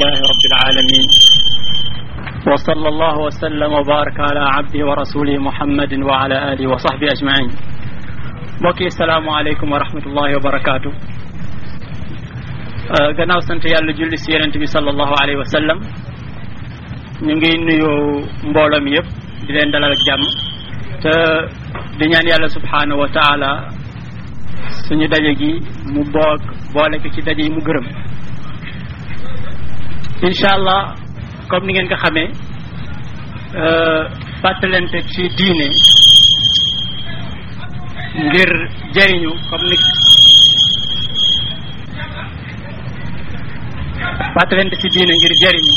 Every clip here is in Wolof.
لله رب العالمين وصلى الله وسلم وبارك على عبده ورسوله محمد وعلى آله وصحبه أجمعين mbokki salaamaaleykum wa rahmatullahi wa barakaatu uh, gannaaw sant yàlla julli si yonent bi sallallahu alayhi wa sallam ñu ngi nuyu mbooloo mi yëpp di leen dalal ak jàmm te di ñaan yàlla subhaanahu wa taala suñu daje gi mu boog boole ko ci daje yi mu gërëm incha allah comme ni ngeen ko xamee euh, fàttalante ci diine ngir jëriñu comme ni fàttalante ci diine ngir jëriñu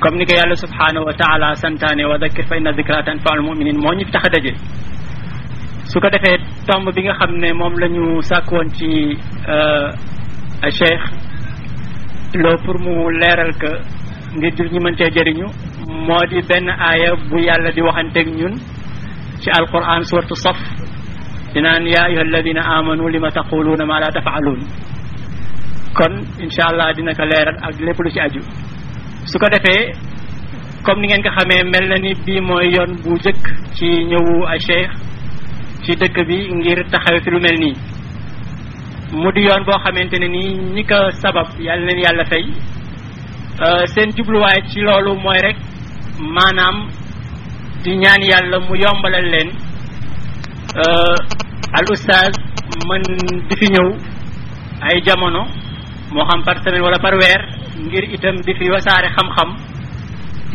comme ni ko yàlla subhanahu wa taala santaane wa dakkir fa inna dikra tanfaul moo ñu tax a daje su ko defee tomb bi nga xam ne moom lañu ñu sàkkoon ci euh, Cheikh loo pour mu leeral ka ngir jur ñi mën cee jëriñu moo di benn aaya bu yàlla di waxanteeg ñun ci alquran suratu saf dinaan yaa ayuha alladina amanu lima taquluuna maa la tafaaluun kon incha dina ko leeral ak lépp lu ci aju su ko defee comme ni ngeen ko xamee mel na ni bii mooy yoon bu jëkk ci ñëwu a Cheikh ci dëkk bi ngir taxawe fi lu mel nii mu di yoon boo xamante ne nii ñi ko sabab yàlla leen yàlla fay euh, seen jubluwaay ci loolu mooy rek maanaam di ñaan yàlla mu yombalal leen euh, al oustaz mën di fi ñëw ay jamono moo xam par semaine wala par weer ngir itam di fi wasaare xam-xam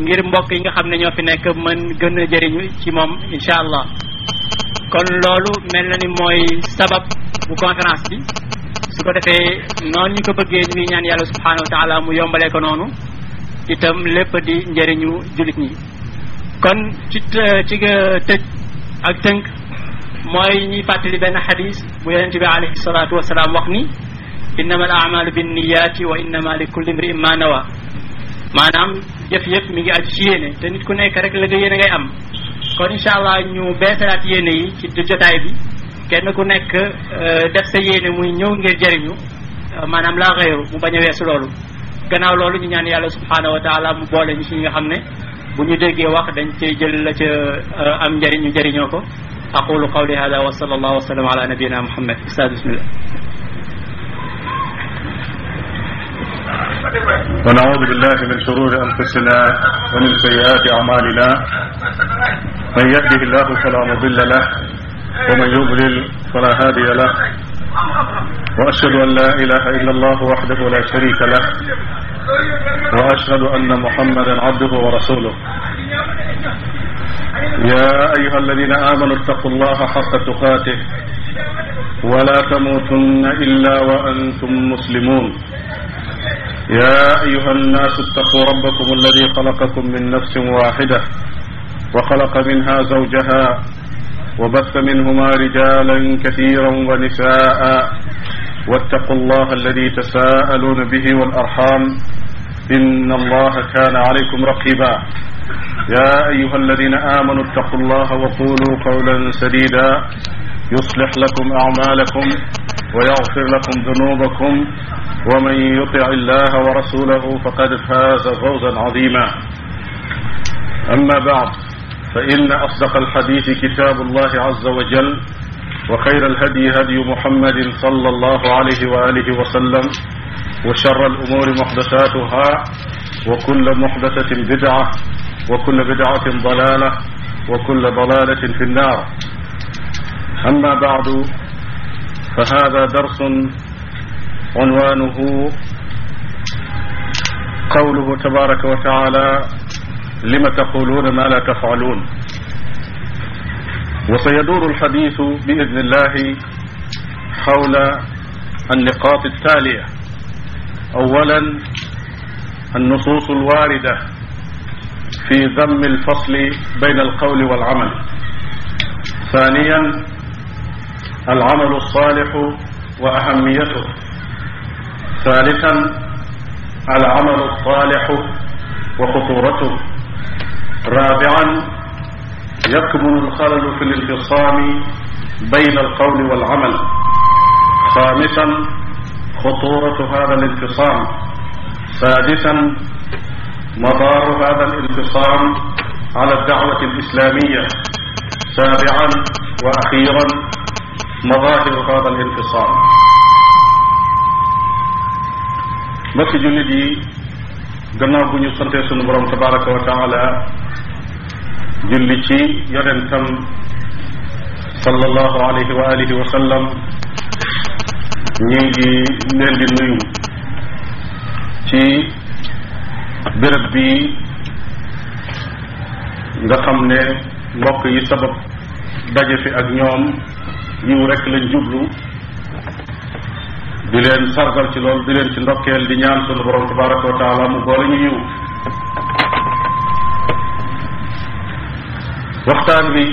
ngir mbokk yi nga xam ne ñoo fi nekk mën gën a jëriñu ci moom incha allah kon loolu mel na ni mooy sabab bu conférence bi su ko defee noonu ñu ko bëggee ñu ñaan yàlla subhanahu wa mu yombalee ko noonu itam lépp di njëriñu jullit ñi kon ci ci tëj ak tënk mooy ñuy fàttali benn xadis bu yonente bi alayhi salatu wasalaam wax ni innama al amalu binniyaati wa innama li kulli imri'in ma maanaam jëf yëpp mu ngi aju ci yéene te nit ku nekk rek la nga yéene ngay am kon incha allah ñu beesalaat yéene yi ci jotaay bi kenn ku nekk euh, def sa yéene muy ñëw ngir jëriñu euh, maanaam laa xëyru mu bañ a weesu loolu gannaaw loolu ñu ñaan yàlla subhaanahu wa taala mu boole ñu si ñi nga xam ne bu ñu déggee wax dañ cey jël la ca euh, am njëriñ ñu jëriñoo ko aqulu qawli hada wa sallallahu wa sallam ala nabiyina muhammad ustaad bismillah ونعوذ بالله من شرور انفسنا ومن سيئات اعمالنا من يهده الله فلا مضل له ومن يضلل فلا هادي له وأشهد أن لا إله إلا الله وحده لا شريك له وأشهد أن محمدا عبده ورسوله يا أيها الذين آمنوا اتقوا الله حق تقاته ولا تموتن إلا وأنتم مسلمون يا أيها الناس اتقوا ربكم الذي خلقكم من نفس واحدة وخلق منها زوجها وبث منهما رجالا كثيرا ونساء واتقوا الله الذي تساءلون به والأرحام إن الله كان عليكم رقيبا يا أيها الذين آمنوا اتقوا الله وقولوا قولا سديدا يصلح لكم أعمالكم ويغفر لكم ذنوبكم ومن يطع الله ورسوله فقد فاز فوزا عظيما أما بعد فإن أصدق الحديث كتاب الله عز وجل وخير الهدي هدي محمد صلى الله عليه وآله وسلم وشر الأمور محدثاتها وكل محدثة بدعة وكل بدعة ضلالة وكل ضلالة في النار أما بعد فهذا درس عنوانه قوله تبارك وتعالى lima taquluuna ma la tafaluun wa sa yaduuru alxadiisu bi idni illahi xawla anniqaat altaaliya awalan annusuus alwaarida fi damm alfasli bayn alqawli walcamal ثانيا العمل الصالح واهميته ثالثا العمل الصالح وخطورته رابعا يكمن الخلل في الانفصام بين القول والعمل خامسا خطورة هذا الانفصام سادسا مدار هذا الانفصام على الدعوة الإسلامية سابعا وأخيرا مظاهر هذا الانفصام mbokki jullit yi gannaaw bu ñu santee sunu borom tabaraka wa taala julli ci yonentam sallallahu alayhi wa alihi wa gi ñu ngi leen di nuyu ci béréb bi nga xam ne mbokk yi sabab daje fi ak ñoom yiw rek lañ jublu di leen sargal ci lool di leen ci ndokkeel di ñaan sunu borom tabaraka wa mu boole ñu yiw waxtaan wi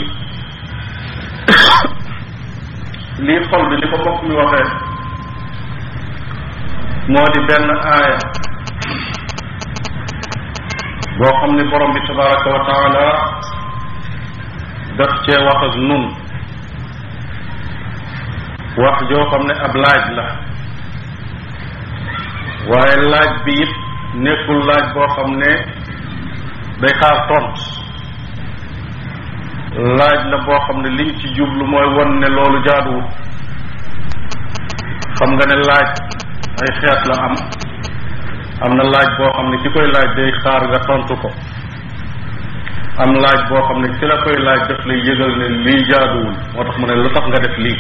lii xol bi li ko mbokk mi waxee moo di benn aaya boo xam ne borom bi tabaraka wa taala daf cee wax ak nun wax joo xam ne ab laaj la waaye laaj bi it nekkul laaj boo xam ne day xaar tont laaj la boo xam ne liñ ci jublu mooy won ne loolu jaaduwut xam nga ne laaj ay xeet la am am na laaj boo xam ne ci koy laaj day xaar nga tontu ko am laaj boo xam ne ci la koy laaj daf lay yëgal ne lii jaaduwul moo tax mu ne lu tax nga def lii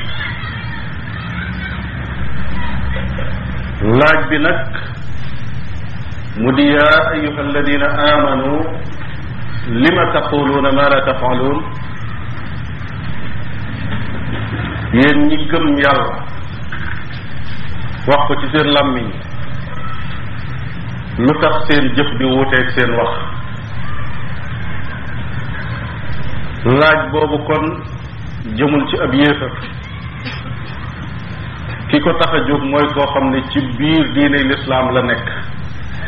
laaj bi nag mu di yaa ayuha alladina amanu lima taquluuna ma la tafaluun yéen ñi gëm yàlla wax ko ci seen làmmiñ lu tax seen jëf di wuuteeg seen wax laaj boobu kon jëmul ci ab yéefar ki ko tax a jóg mooy koo xam ne ci biir diine lislaam la nekk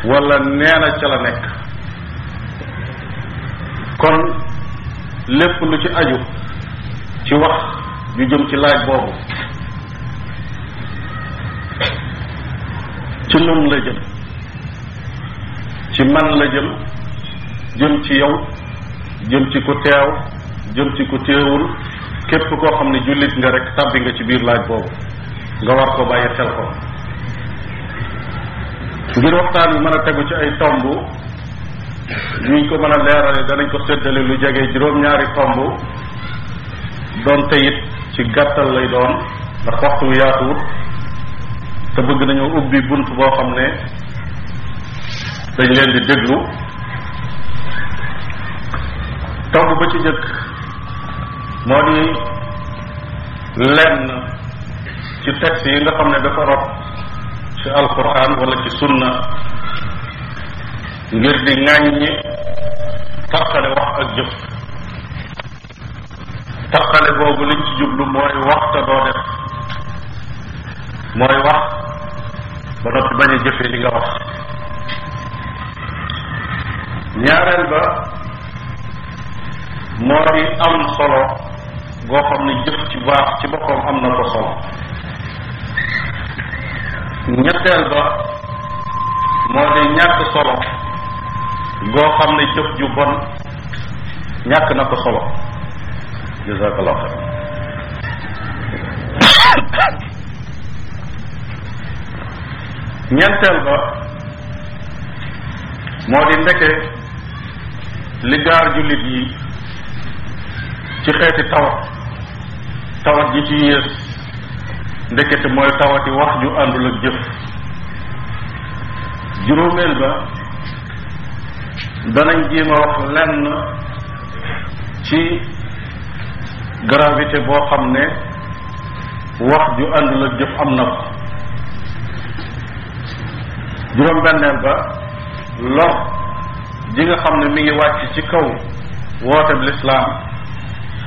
wala neena ca la nekk kon lépp lu ci aju ci wax ñu jëm ci laaj boobu ci nun la jëm ci man la jëm jëm ci yow jëm ci ku teew jëm ci ku teewul képp koo xam ne jullit nga rek tàbbi nga ci biir laaj boobu nga war ko bàyyi xel ko ngir waxtaan bi mën a tegu ci ay tomb yuñ ko mën a leerale danañ ko séddale lu jege juróom-ñaari tomb doonte it ci gàttal lay doon ndax waxtu yaatuwut te bëgg nañoo ubbi bunt boo xam ne dañ leen di déglu tomb ba ci jëkk moo di lenn ci texte yi nga xam ne dafa rot ci alquran walla ci sunna ngir di ŋàññi tàqale wax ak jëf taxale boobu liñ ci jublu mooy wax te doo def mooy wax ba noppi bañ a jëfee li nga wax ñaareel ba moo di am solo goo xam ne jëf ci baax ci boppam am na ko solo ñetteel ba moo di ñàkk solo goo xam ne jëf ju bon ñàkk na ko solo jazakallah ñeenteel ba moo di ndeke li gaar jullit yi ci xeeti tawat tawat ji ci yées ndekete mooy tawati wax ju àndul ak jëf juróomeel ba danañ jéem a wax lenn ci gravité boo xam ne wax ju àndul ak jëf am na ko juróom-benneel ba lor ji nga xam ne mi ngi wàcc ci kaw woote bi lislaam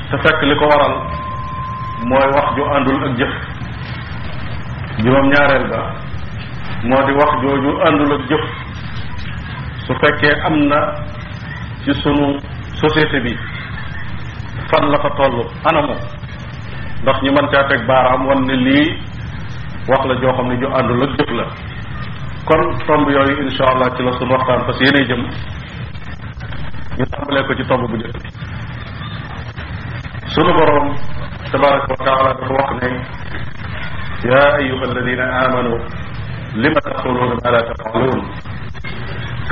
te fekk li ko waral mooy wax ju àndul ak jëf juróom-ñaareel ba moo wax jooju àndul ak jëf su fekkee am na ci sunu société bi fan la fa toll anamu ndax ñu mën caa teg baaraam wan ne lii wax la joo xam ne ju àndul ak jëf la kon tomb yooyu insha allah ci la suñu waxtaan fas yéene jëm ñu tàmbalee ko ci tomb bu njëkk bi sunu boroom tabaraka wa taala dafa wax ne yaa ayuha alladina amanu lima taquluuna ma la tafaluun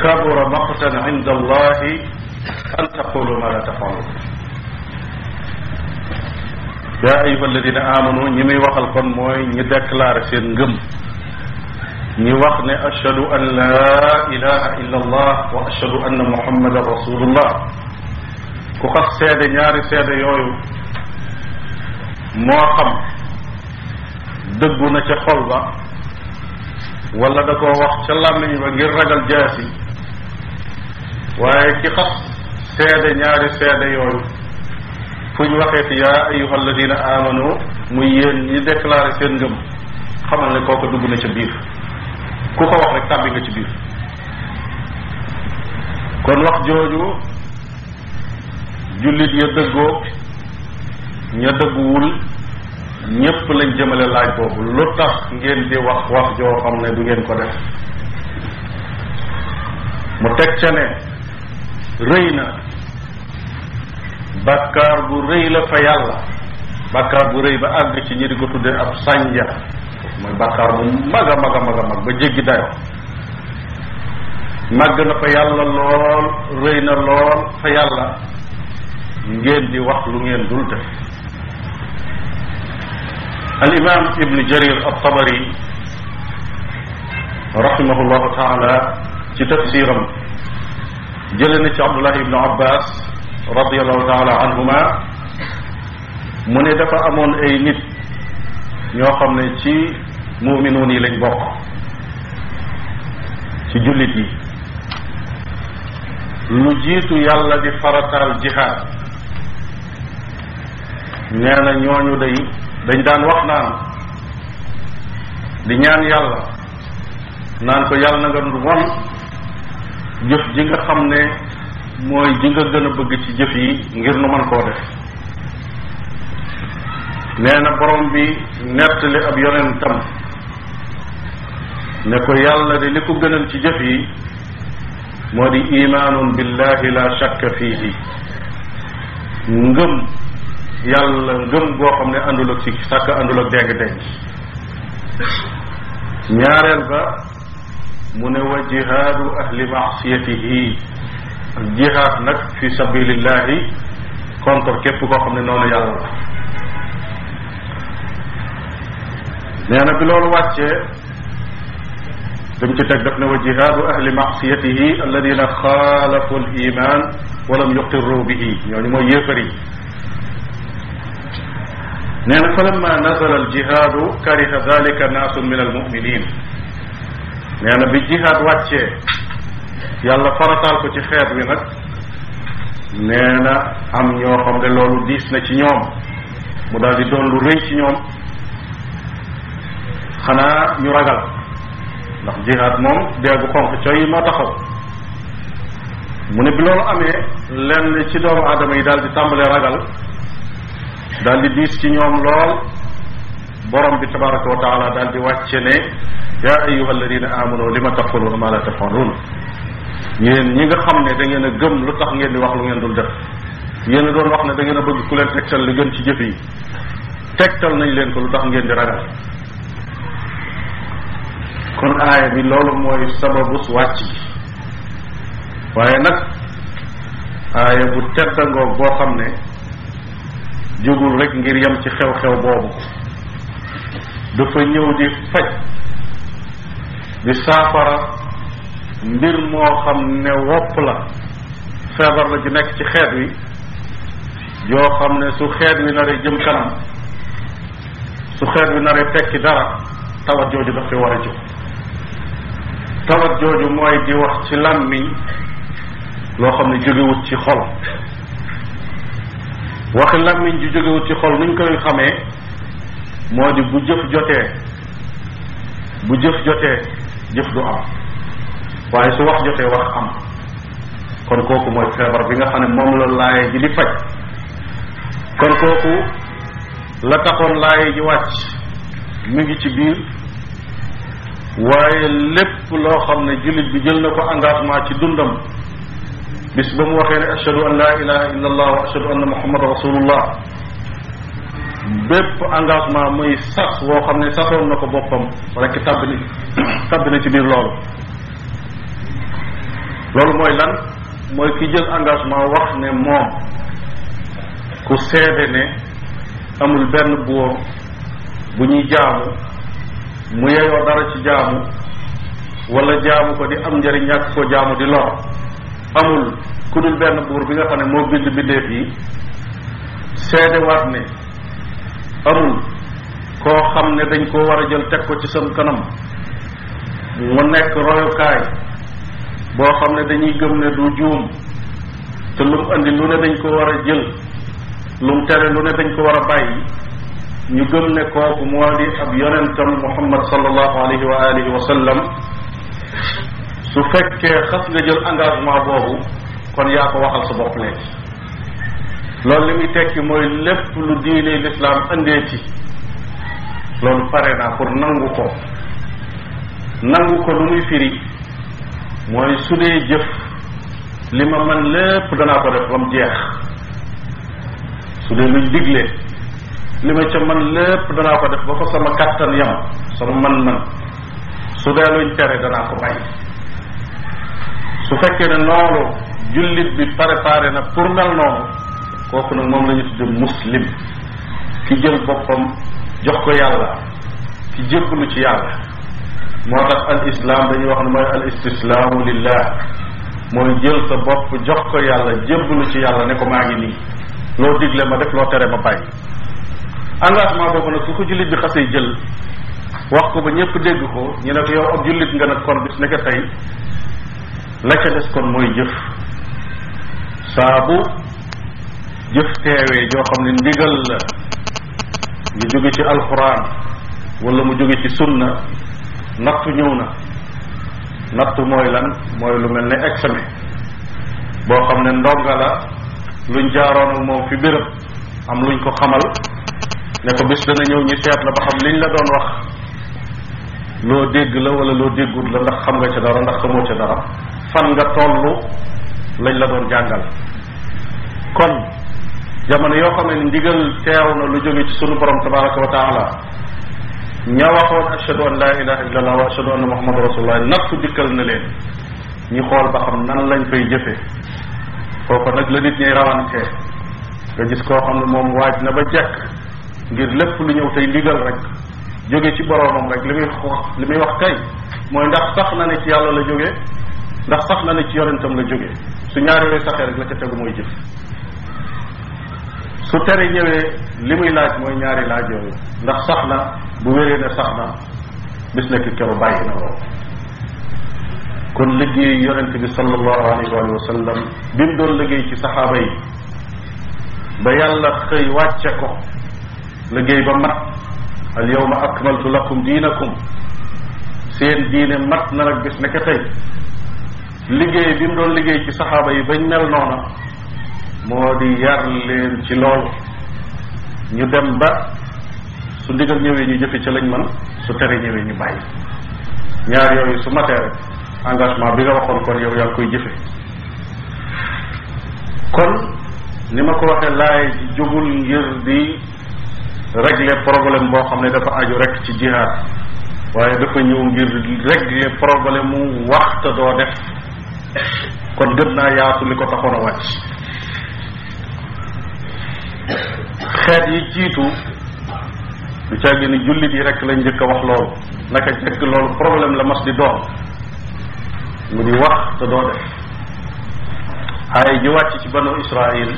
kabura maqtan inda allahi an taqulu ma la tafaluun yaa ayuha alladina amanu ñi muy waxal kon mooy ñi déclaré seen ngëm ñi wax ne ashhadu an la ilaha illa allah wa ashhadu anna muhammadan rasulullah ku xas seede ñaari seede yooyu moo xam dëggu na ca xol ba wala da koo wax ca làmmiñ ba ngir ragal jaasi waaye ki xas seede ñaari seede yooyu fu ñu waxee fi yaa ayuha alladina amanu muy yéen ñi déclaré seen ngëm xamal ne kooku dugg na ci biir ku ko wax rek tàbbi nga ci biir kon wax jooju jullit ya dëggoo ña dëgguwul ñépp lañ jëmale laaj boobu lu tax ngeen di wax wax joo xam ne du ngeen ko def mu teg ca ne rëy na bàkkaar bu rëy la fa yàlla bàkkaar bu rëy ba àgg ci ñi di ko tuddee ab sànja mooy bàkkaar bu mag a mag a mag a mag ba jéggi dayo màgg na fa yàlla lool rëy na lool fa yàlla ngeen di wax lu ngeen dul def al imam ibn jarir al tabari rahimahullahu taala ci tafsiram jële na ci abdullah ibnu abbas radiallahu taala anhuma mu ne dafa amoon ay nit ñoo xam ne ci muminuun yi lañ bokk ci jullit yi lu jiitu yàlla di farataal jihaad nee na ñooñu day dañ daan wax naan di ñaan yàlla naan ko yàlla na nga won jëf ji nga xam ne mooy ji nga gën a bëgg ci jëf yi ngir nu mën koo def nee na borom bi nettali ab yonentam ne ko yàlla de li ko gënal ci jëf yi moo di imaanun billahi la shakka fiihi ngëm yàlla ngëm goo xam ne àndul ak si sàkk àndul ak deng-deng ñaareel ba mu ne wa jihaadu ahli maasiyatihi ak jihaad nag fi sabilillahi contre képp koo xam ne noonu yàlla la nee na bi loolu wàccee li mu ci teg daf ne wa jihaadu ahli maasiyatihi alladina xaalafu al iman walam yuqirru bihi ñooñu mooy yéefar yi nee na falamma nazala al jihaadu kariha dalika naasun min al muminin nee na bi jihaad wàccee yàlla farataal ko ci xeet wi nag nee na am ñoo xam ne loolu diis na ci ñoom mu daal di doon lu rëy ci ñoom xanaa ñu ragal ndax jihaad moom deegu xonq coy ma taxaw mu ne bi loolu amee lenn ci doomu aadama yi daal di tàmbale ragal daal di diis ci ñoom lool borom bi tabaraka wa taala daal di wàcce ne yaa ayuha alladina amanu li ma taxuluuna ma la tafaluun yéen ñi nga xam ne da ngeen a gëm lu tax ngeen di wax lu ngeen dul def yéen a doon wax ne da ngeen a bëgg ku leen tegtal li gën ci jëf yi tegtal nañ leen ko lu tax ngeen di ragal kon aaya bi loolu mooy sababus wàcc bi waaye nag aaya bu teddangoo boo xam ne jógul rek ngir yem ci xew-xew boobu dafa ñëw di faj di saafara mbir moo xam ne wopp la feebar la ju nekk ci xeet wi yoo xam ne su xeet wi naree jëm kanam su xeet wi naree tekki dara tawat jooju daf fi war a jóg tawat jooju mooy di wax ci làmmiñ loo xam ne jógewut ci xol waxi làmmiñ ju jógewut ci xol nuñ koy xamee moo di bu jëf jotee bu jëf jotee jëf du am waaye su wax jotee wax am kon kooku mooy feebar bi nga xam ne moom la laaye ji di faj kon kooku la taxoon laaye ji wàcc mu ngi ci biir waaye lépp loo xam ne jullit bi jël na ko engagement ci dundam bis ba mu waxee ne ashhadu an laa ilaha illa allah wa ashhadu engagement muy sas woo xam ne sasoon na ko boppam rekk tàbbi na tàbbi na ci biir lool loolu mooy lan mooy ki jël engagement wax ne moom ku seede ne amul benn buur bu ñuy jaamu mu yeyoo dara ci jaamu walla jaamu ko di am njëriñ ñàkk ko jaamu di lor amul ku dul benn buur bi nga xam ne moo bind bindeef yi seede waat ne amul koo xam ne dañ koo war a jël teg ko ci sam kanam mu nekk royukaay boo xam ne dañuy gëm ne du juum te lu mu lu ne dañ ko war a jël lu mu tere lu ne dañ ko war a bàyyi ñu gëm ne kooku moo di ab yonentam muhammad sallallahu alayhi wa alihi wa sallam su fekkee xas nga jël engagement boobu kon yaa ko waxal sa bopp léegi loolu li muy tekki mooy lépp lu diine lislaam andeeti loolu pare naa pour nangu ko nangu ko lu muy firi mooy su dee jëf li ma man lépp danaa ko def ba mu jeex su dee luñ digle li ma ca man lépp danaa ko def ba fa sama kattan yam sama man-man su dee luñ tere danaa ko bàyyi su fekkee ne noonu jullit bi préparé na pour mel noonu kooku nag moom lañu ñu tudde muslim ki jël boppam jox ko yàlla ki jébbalu ci yàlla moo tax al islam dañuy wax ne mooy al istislaamu lillah mooy jël sa bopp jox ko yàlla jébbalu ci yàlla ne ko maa ngi nii loo digle ma def loo tere ba bàyyi engagement boobu nag su ko jullit bi xasee jël wax ko ba ñëpp dégg ko ñu ne ko yow ab jullit nga nag kon bis nekk tey la ca des kon mooy jëf saabu jëf teewee joo xam ne ndigal la mu jóge ci alxuraan wala mu jóge ci sunna nattu ñëw na nattu mooy lan mooy lu mel ni examen boo xam ne ndonga la luñ jaaroon ak moom fi béréb am luñ ko xamal ne ko bis dana ñëw ñu seet la ba xam liñ la doon wax loo dégg la wala loo déggul la ndax xam nga ca dara ndax xamoo ca dara fan nga tollu lañ la doon jàngal kon jamono yoo xam ne ndigal teew na lu jóge ci sunu borom tabaraka wa ña waxoon ashadu an laa ilaha illa allah wa ashadu anna muhammadu rasulullah nattu dikkal na leen ñi xool ba xam nan lañ koy jëfe foofa nag la nit ñay rawante nga gis koo xam ne moom waaj na ba jekk ngir lépp lu ñëw tey ndigal rek jóge ci boroomam rek li muy wax li muy wax kay mooy ndax sax na ne ci yàlla la jóge ndax sax na ne ci yonentam la jóge su ñaari yooyu saxee rek la ca tegu mooy jëf su tere ñëwee li muy laaj mooy ñaari laaj yooyu ndax sax na bu wéree ne sax na bis na ki keru bàyyi na loolu kon liggéey yonent bi sallallahu alayhi wa sallam bi mu doon liggéey ci saxaaba yi ba yàlla xëy wàcce ko liggéey ba mat al yawma akmaltu lakum diinakum seen diine mat na nag bis nekk tey liggéey bi mu doon liggéey ci saxaaba yi bañ mel noona moo di yar leen ci loolu ñu dem ba su ndigal ñëwee ñu jëfe ca lañ man su tere ñëwee ñu bàyyi ñaar yooyu su matee rek engagement bi nga waxoon kon yow yaa koy jëfe kon ni ma ko waxee laay ji jógul ngir di régler problème xam ne dafa aju rek ci jihaad waaye dafa ñëw ngir régler problème mu wax te doo def kon gën naa yaatu li ko taxoon a wàcc xeet yi jiitu du càggi ni jullit yi rek lañ njëkk a wax loolu naka jëkk loolu problème la mas di doon mu di wax te doo def aaya ji wàcc ci banu israil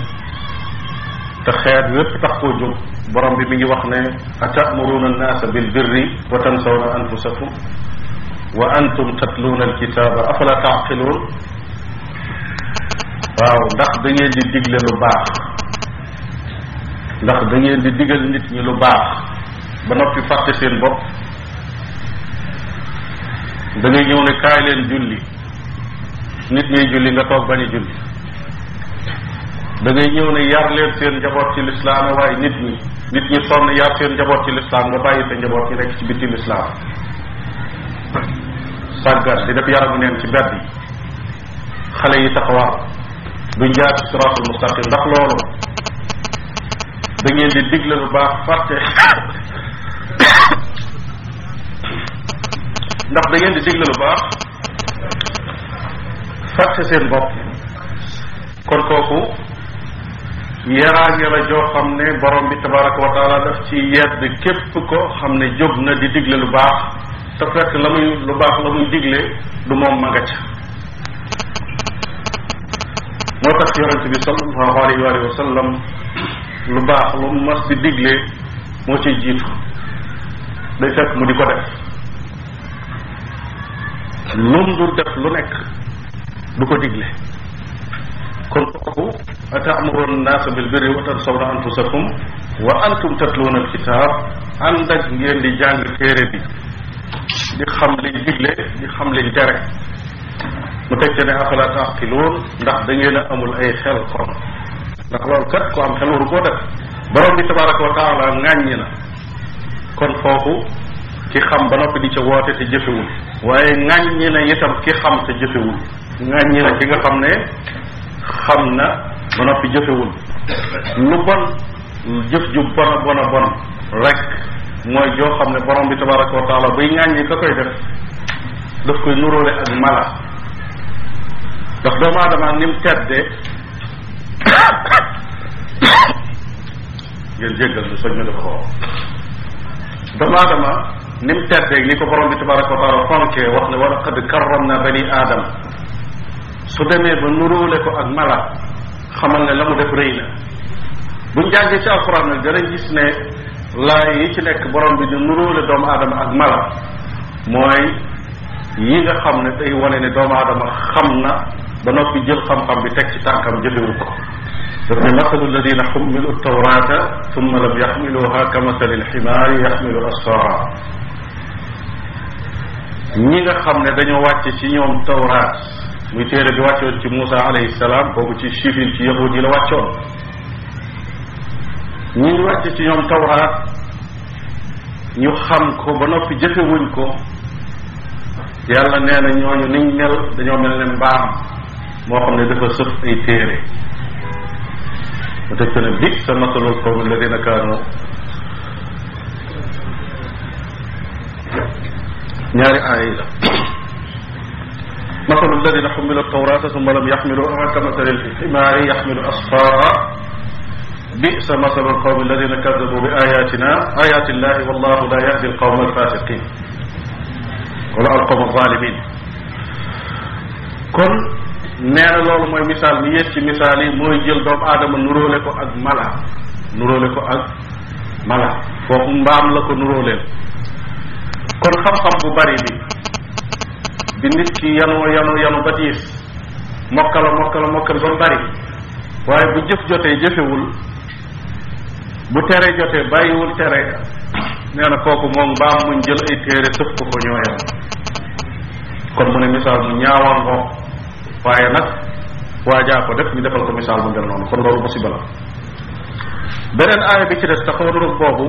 te xeet wépp tax koo jóg borom bi mi ngi wax ne atamuruna annaasa bilbirri wa tansawna anfusakum wa antum tatluuna alkitaaba afala taaqiluun waaw ndax da ngeen di digle lu baax ndax da ngeen di digal nit ñi lu baax ba noppi fàtte seen bopp da ngay ñëw kaay leen julli nit ñuy julli nga toog bañ a julli da ngay ñëw yar leen seen njaboot ci lislaam waaye nit ñi nit ñi sonn yar seen njaboot ci lislaam nga bàyyi sa njaboot yi rek ci biti lislaam sàggat di def yaramu neen ci mbedd yi xale yi taxawaar duñ jaar ci siraatul ndax loolu dangeen di digle lu baax fàtte ndax da di digle lu baax fàtte seen bopp kon kooku yaraange la joo xam ne borom bi tabaraka wa taala daf ci yedd képp ko xam ne jóg na di digle lu baax te fekk la muy lu baax la muy digle du moom ma nga ca moo tax yonente bi sallallahu alayhi wa sallam lu baax lu mas di digle moo ciy jiitu day mu di ko def lu def lu nekk du ko digle kon kooku ataamuruuna naasa bil birri wa tansawna anfusakum wa antum tatluuna alkitaab ànd ak di jàng téere bi di xam liñ digle di xam liñ tere mu teg ca ne afala taaqiluun ndax da ngeen a amul ay xel kon ndax loolu kat ko am xel waru koo def borom bi tabaraka wa taala ŋàññi na kon foofu ki xam ba noppi di ca woote te jëfewul waaye ŋàññi na itam ki xam te jëfewul ŋàññi na ki nga xam ne xam na ba noppi jëfewul lu bon jëf ju bon a bon a bon rek mooy joo xam ne borom bi tabaraka wa taala buy ŋàññi ka koy def daf koy nuróole ak mala ndax doomu aadama ni mu ngeen jéggal lu soñ na dafa xaw doomu aadama ni mu terteeg ni ko borom bi tabaraka wa taala fonkee wax ne wa laqad karram na bani aadama su demee ba nuróole ko ak mala xamal ne la mu def rëy na buñ jàngee ci alquran nag danañ gis ne laay yi ci nekk borom bi di nuróole doomu aadama ak mala mooy yi nga xam ne day wane ne doomu aadama xam na ba noppi jël xam-xam bi teg ci tànkam jëfewu ko ثم مثل الذين حملوا التوراة ثم لم يحملوها كمثل الحمار يحمل أسفارا ñi nga xam ne dañoo wàcce ci ñoom tawraat muy téere bi wàccoon ci Moussa alayhi salaam boobu ci chifin ci yahud yi la wàccoon ñi ngi wàcce ci ñoom tawraat ñu xam ko ba noppi jëfewuñ ko yàlla nee na ñooñu niñ mel dañoo mel ne mbaam moo xam ne dafa sëf ay téere mu teg ko ne bi sa masalul qawmi alladina kaanu ñaari aaya yi la masalu alladina xummilu tawrata summa lam yaxmiluha ka masalil ximaari yaxmilu asfaara bi sa masalul qawmi alladina kadabu bi ayatina ayati illahi wallahu la yahdi alqawma alfasiqin wala alqawma alzalimin kon nee loolu mooy misaal bi yées ci misaal yi mooy jël doomu aadama nuróole ko ak mala nuróole ko ak mala foofu mbaam la ko nuróoleel kon xam-xam bu bari bi bi nit ki yanoo yanoo yanu ba tiis mokkal a mokkal a mokkal ba bari waaye bu jëf jotee jëfewul bu tere jotee bàyyiwul tere nee na kooku moom mbaam muñ jël ay téere sëf ko ko ñooyam kon mu ne misaal mu ñaawal ngoog waaye nag waajaa ko def ñu defal ko misaal mu mel noonu kon loolu musiba la beneen aaya bi ci des taxawaru boobu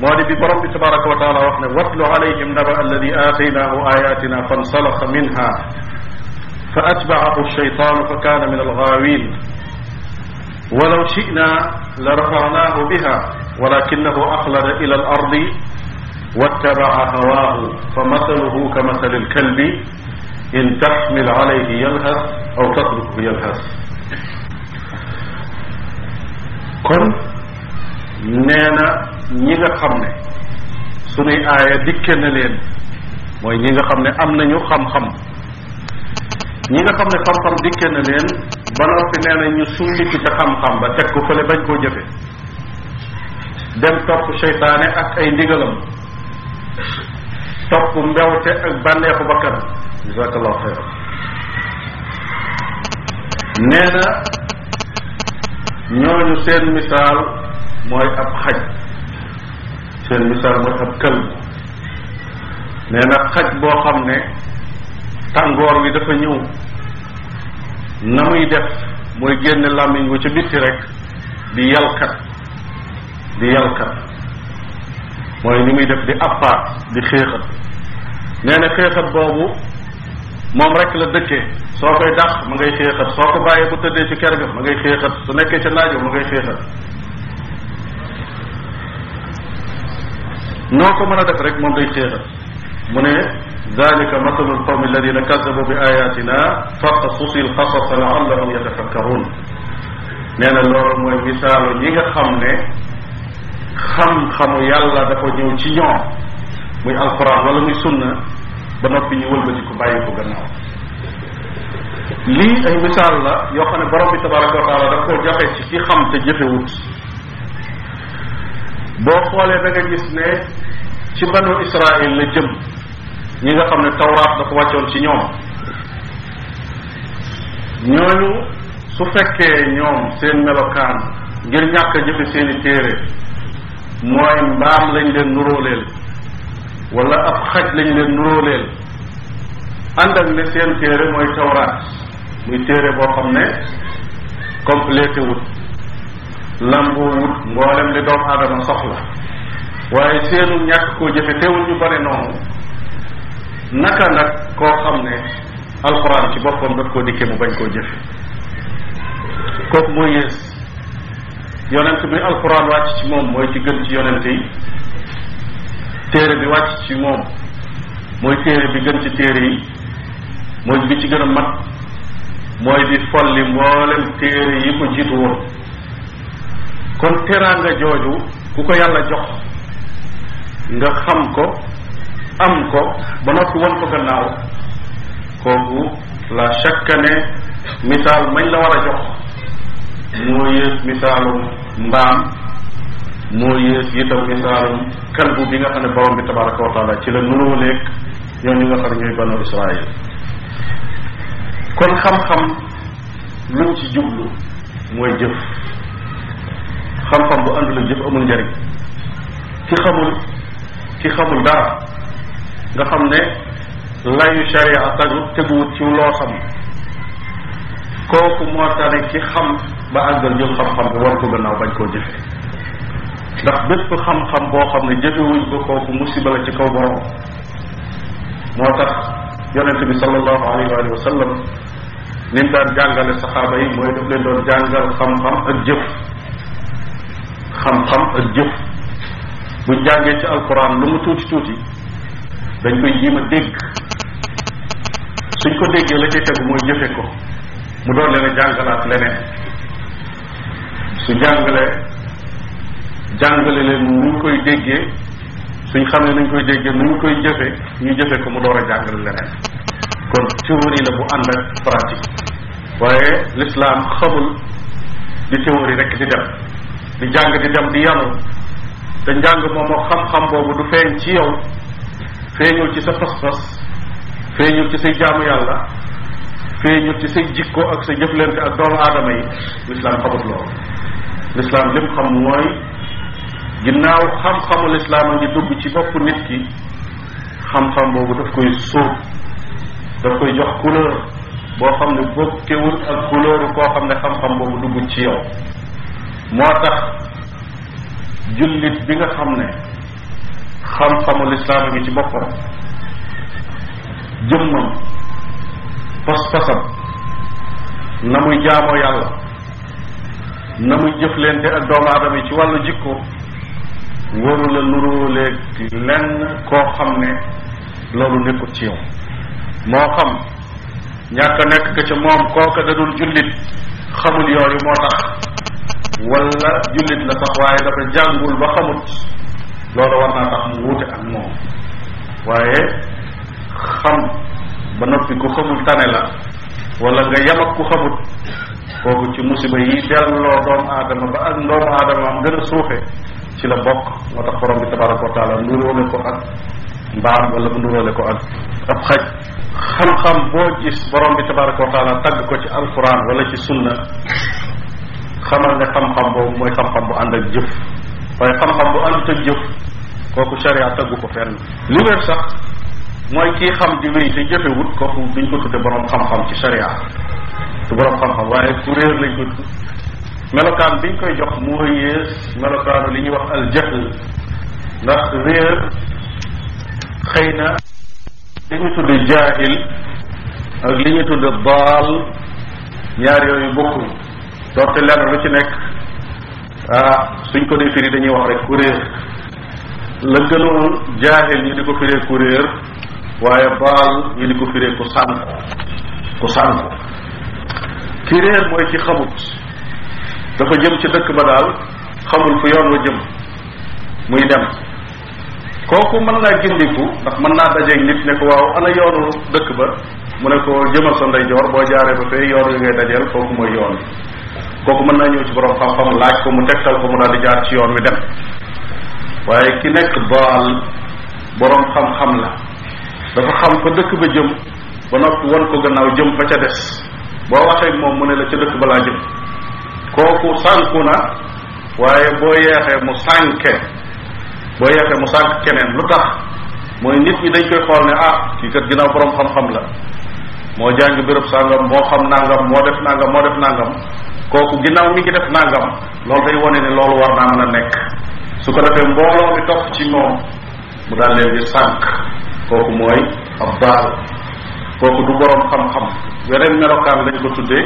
moo di bi borom bi tabaraka wa taala wax ne watlu alayhim naba alladi aataynaahu ayatina fansalaxa minha fa atbaahu shaytaanu fa kaana min algaawin walaw shina la rafanaahu biha walakinahu axlada ila al ardi wattabaa hawaahu fa masaluhu ka masali alkalbi in taxmil alayhi yalhas aw tatruku yalhas kon nee ñi nga xam ne sunuy aaya dikke na leen mooy ñi nga xam ne am nañu xam-xam ñi nga xam ne xam-xam dikke na leen ba noppi nee na ñu sulliku ca xam-xam ba teg ko fële bañ koo jëfe dem topp seytaane ak ay ndigalam topp mbewte ak bànneexu bakkan jazakallahu xeyran nee ñooñu seen misaal mooy ab xaj seen misaal mooy ab kël nee na xaj boo xam ne tàngoor wi dafa ñëw na muy def mooy génn làmmiñ wu ci bitti rek di yalkat di yalkat mooy ni muy def di appaat di xéexat nee xéexat boobu moom rek la dëkkee soo koy dàq ma ngay xéexat soo ko bàyyee bu tëddee ci ker ga ma ngay xéexat su nekkee ca naajo ma ngay xéexat noo ko mën a def rek moom day xéexat mu ne dalika mathalu alqawmi alladina kazabu bi ayatina faqasusi alqasasa laallahum yatafakkarun nee na loolu mooy misaalu ñi nga xam ne xam-xamu yàlla dafa ñëw ci ñoom muy alquran wala muy sunna ba noppi ñu wëlbati ko bàyyi ko gannaaw lii ay misaal la yoo xam ne borom bi tabaraka wa taala daf koo joxe ci ki xam te jëfewut boo xoolee da gis ne ci banu Israël la jëm ñi nga xam ne tawraat da ko wàccoon ci ñoom ñooñu su fekkee ñoom seen melokaan ngir ñàkk a jëfe seeni téere mooy mbaam lañ leen nuróoleel wala ab xaj lañ leen nuróoleel ànd ak ne seen téere mooy tawraat muy téere boo xam ne complété wut lamboo wut li doomu aadama soxla waaye seenu ñàkk koo jëfe teewul ñu bare noonu naka nag koo xam ne alxuraan ci boppam daf koo dikkee mu bañ koo jëfe kooku mooy yées yonent bi alxuraan wàcc ci moom mooy ci gën ci yonent yi téere bi wàcc ci moom mooy téere bi gën ci téere yi mooy bi ci gën a mat mooy di folli mboolem téere yi ko jiitu woon kon teraanga jooju ku ko yàlla jox nga xam ko am ko ba noppi won ko gannaaw kooku la chaque année misaal mañ la war a jox moo yées misaalum mbaam moo yées yi daw misaalum kalbu bi nga xam ne borom bi tabaraka wa taala ci la nuroo leeg ñooñu nga xam ne ñooy banu israil kon xam-xam lu mu ci jublu mooy jëf xam-xam bu àndul ak jëf amul njariñ ki xamul ki xamul dara nga xam ne layu sharia tagu teguwut ci loo xam kooku moo tax ne ki xam ba àggal jël xam-xam bi war ko gannaaw bañ koo jëfee ndax bépp xam-xam boo xam ne jëfewuñ ko kooku musiba la ci kaw borom moo tax yonente bi sallallahu alayhi wa sallam ni mu yi mooy daf leen doon jàngal xam-xam ak jëf xam-xam ak jëf buñ jàngee ci alquran lu mu tuuti tuuti dañ koy jiima dégg suñ ko déggee la cay tegu mooy jëfe ko mu doon leen a jàngalaat leneen su jàngalee jàngale leen nuñ koy déggee suñ xam xamee nuñ koy déggee nuñ koy jëfee ñu jëfe ko mu door a jàngale leneen kon théorie la bu ànd ak pratique waaye lislaam xamul di théorie rekk di dem di jàng di dem di yamu te njàng moom xam-xam boobu du feeñ ci yow feeñul ci sa pas-pas feeñul ci sa jaamu yàlla feeñul ci say jikko ak sa jëflante ak doomu aadama yi l'islam xamut loolu l'islam lim xam mooy ginnaaw xam-xamul islaam a ngi dugg ci bopp nit ki xam-xam boobu daf koy suuf daf koy jox couleur boo xam ne bokkewul ak couleur koo xam ne xam-xam boobu dugg ci yow moo tax jullit bi nga xam ne xam-xamul islaam a ngi ci boppam jëmmam pas-pasam na muy jaamoo yàlla na muy jëflente ak doomu aadama yi ci wàllu jikko waru la luróoleeg lenn koo xam ne loolu nekkut ci yow moo xam ñàkk nekk ka ca moom kooka da dul jullit xamul yooyu moo tax wala jullit la sax waaye dafa jàngul ba xamut loolu war naa tax mu wuute ak moom waaye xam ba noppi ku xamul tane la wala nga yam ak ku xamut kooku ci musiba yi delloo doomu aadama ba ak doomu aadama am gën a suufe ci la bokk moo tax borom bi tabaraka wa taala nduróole ko ak mbaam wala mu nduróole ko ak ab xaj xam-xam boo gis borom bi tabaraka wa taala tagg ko ci alquran wala ci sunna xamal ne xam-xam boobu mooy xam-xam bu ànd ak jëf waaye xam-xam bu àndut ak jëf kooku sharia taggu ko fenn li wér sax mooy kii xam di wéy te jëfewut kooku duñ ko tudde borom xam-xam ci sharia du borom xam-xam waaye ku réer lañ ko melokaan biñ koy jox moo yées melokaanu li ñuy wax al jahl ndax réer xëy na li ñu tudd jaahil ak li ñu tudd baal ñaar yooyu bokkul doonte lenn lu ci nekk ah ko dee firi dañuy wax rek ku réer lëggaloo jaahil ñu di ko firee ku réer waaye baal ñu di ku sànku ku sànku ki mooy ci xamut dafa jëm ci dëkk ba daal xamul fu yoon wa jëm muy dem kooku mën naa gindiku ndax mën naa dajeeg nit ne ko waaw ana yoonu dëkk ba mu ne ko jëmal sa ndeyjoor boo jaaree ba fee yoon wi ngay dajeel kooku mooy yoon kooku mën naa ñëw ci borom xam-xam laaj ko mu tegtal ko mu daal di jaar ci yoon wi dem waaye ki nekk baal borom xam-xam la dafa xam fa dëkk ba jëm ba noppi won ko gannaaw jëm fa ca des boo waxee moom mu ne la ca dëkk ba laa jëm kooku sànku na waaye boo yeexee mu sànke boo yeexee mu sànk keneen lu tax mooy nit ñi dañ koy xool ne ah kii kat ginnaaw boroom xam-xam la moo jàng béréb sàngam moo xam nangam moo def nangam moo def nangam kooku ginnaaw mi ngi def nangam loolu day wone ne loolu war naa mën a nekk su ko defee mbooloo mi topp ci moom mu daal leen di sànk kooku mooy ab daal kooku du boroom xam-xam weneen melokaan lañ ko tuddee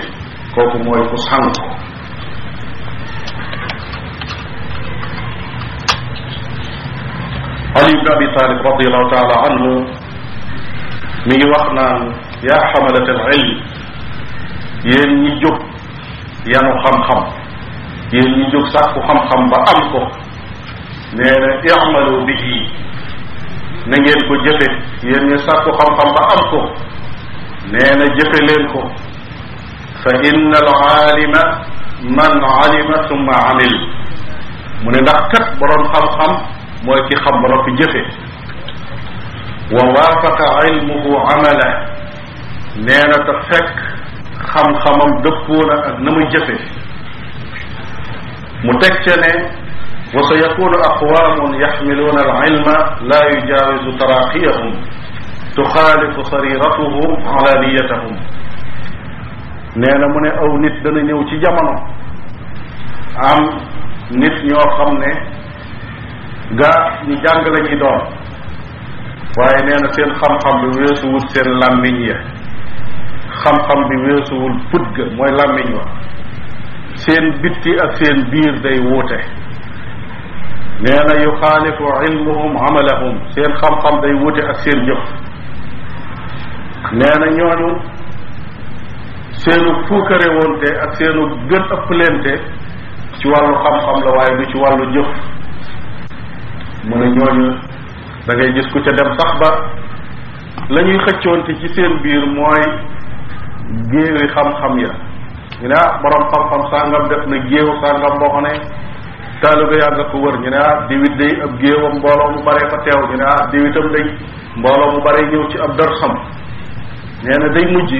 kooku mooy ku sànku ali ibn abi talib radiallahu taala anhu mi ngi wax naan yaa xamalat al ilm yéen ñi jóg yanu xam-xam yéen ñi jóg sàkku xam-xam ba am ko nee na i'malu bihi na ngeen ko jëfe yéen ñi sàkku xam-xam ba am ko nee na jëfe leen ko fa inna al aalima man alima summa amil mu ne ndax kat boroom xam-xam mooy ki xam ba noppi jëfe wa waafaqa ilmuhu amala nee na te fekk xam-xamam dëppoo na ak na muy jëfe mu teg ca ne wa sa yakunu aqwamun yaxmiluuna alilma la yujawisu taraqiyahum tuxaalifu sariratuhum alaniyatahum nee na mu ne aw nit dana ñëw ci jamono am nit ñoo xam ne gaa ñu jàng la ñuy waaye nee na seen xam-xam bi weesuwul seen làmmiñ ya xam-xam bi weesuwul put ga mooy làmmiñ wa seen bitti ak seen biir day wuute nee na yuxaalifu ilmuhum amalahum seen xam-xam day wuute ak seen jëf neena na ñooñu seenu fuukare ak seenu gën ëpplente ci wàllu xam-xam la waaye du ci wàllu jëf mu ne ñooñu dangay gis ku ca dem sax ba lañuy ñuy xëccoonte ci seen biir mooy géewi xam-xam ya ñu ne ah borom xam-xam sàngam def na géew sàngam boo xam ne taalibe yaa nga ko wër ñu ne ah diwit day ab géewam mbooloo mu baree fa teew ñu ne ah diwitam day mbooloo mu baree ñëw ci ab darsam nee na day mujj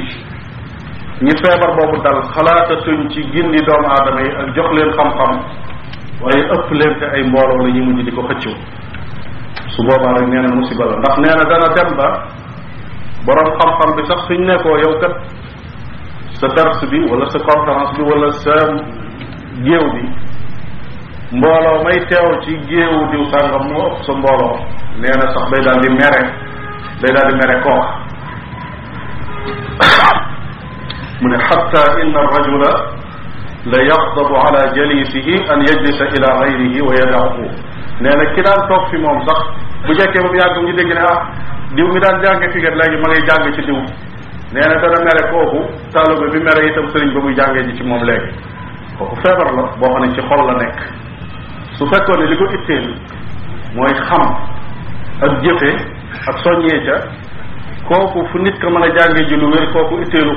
ñi feebar boobu dal xalaatatuñ ci gindi doomu aadama yi ak jox leen xam-xam waaye ëpp leen te ay mbooloo la mu mujj di ko xëccu su boobaa rek nee na musiba la ndax nee na dana dem ba borom xam bi sax suñ ne ko yow kat sa dars bi wala sa conférence bi wala sa géew bi mbooloo may teew ci géewu diw sàngam moo ëpp sa mbooloo na sax day daal di mere day daal di mere koox mu ne xatta inna rajula la yaxdabu ala jalisihi an i ila gayrihi wa yadahu nee na ki daan toog fi moom sax bu jekkee ba mu yàgg mu ngi dégg ne ah diw mi daan jàng fi kat léegi ma ngay jàng ci diw nee na dana mere kooku taalibe bi mere itam sëriñ ba muy jàngee ci moom léegi kooku feebar la boo xam ci xol la nekk su fekkoon ne li ko itteel mooy xam ak jëfe ak soññee ca kooku fu nit ka mën a jàngee ji lu wér kooku itteelu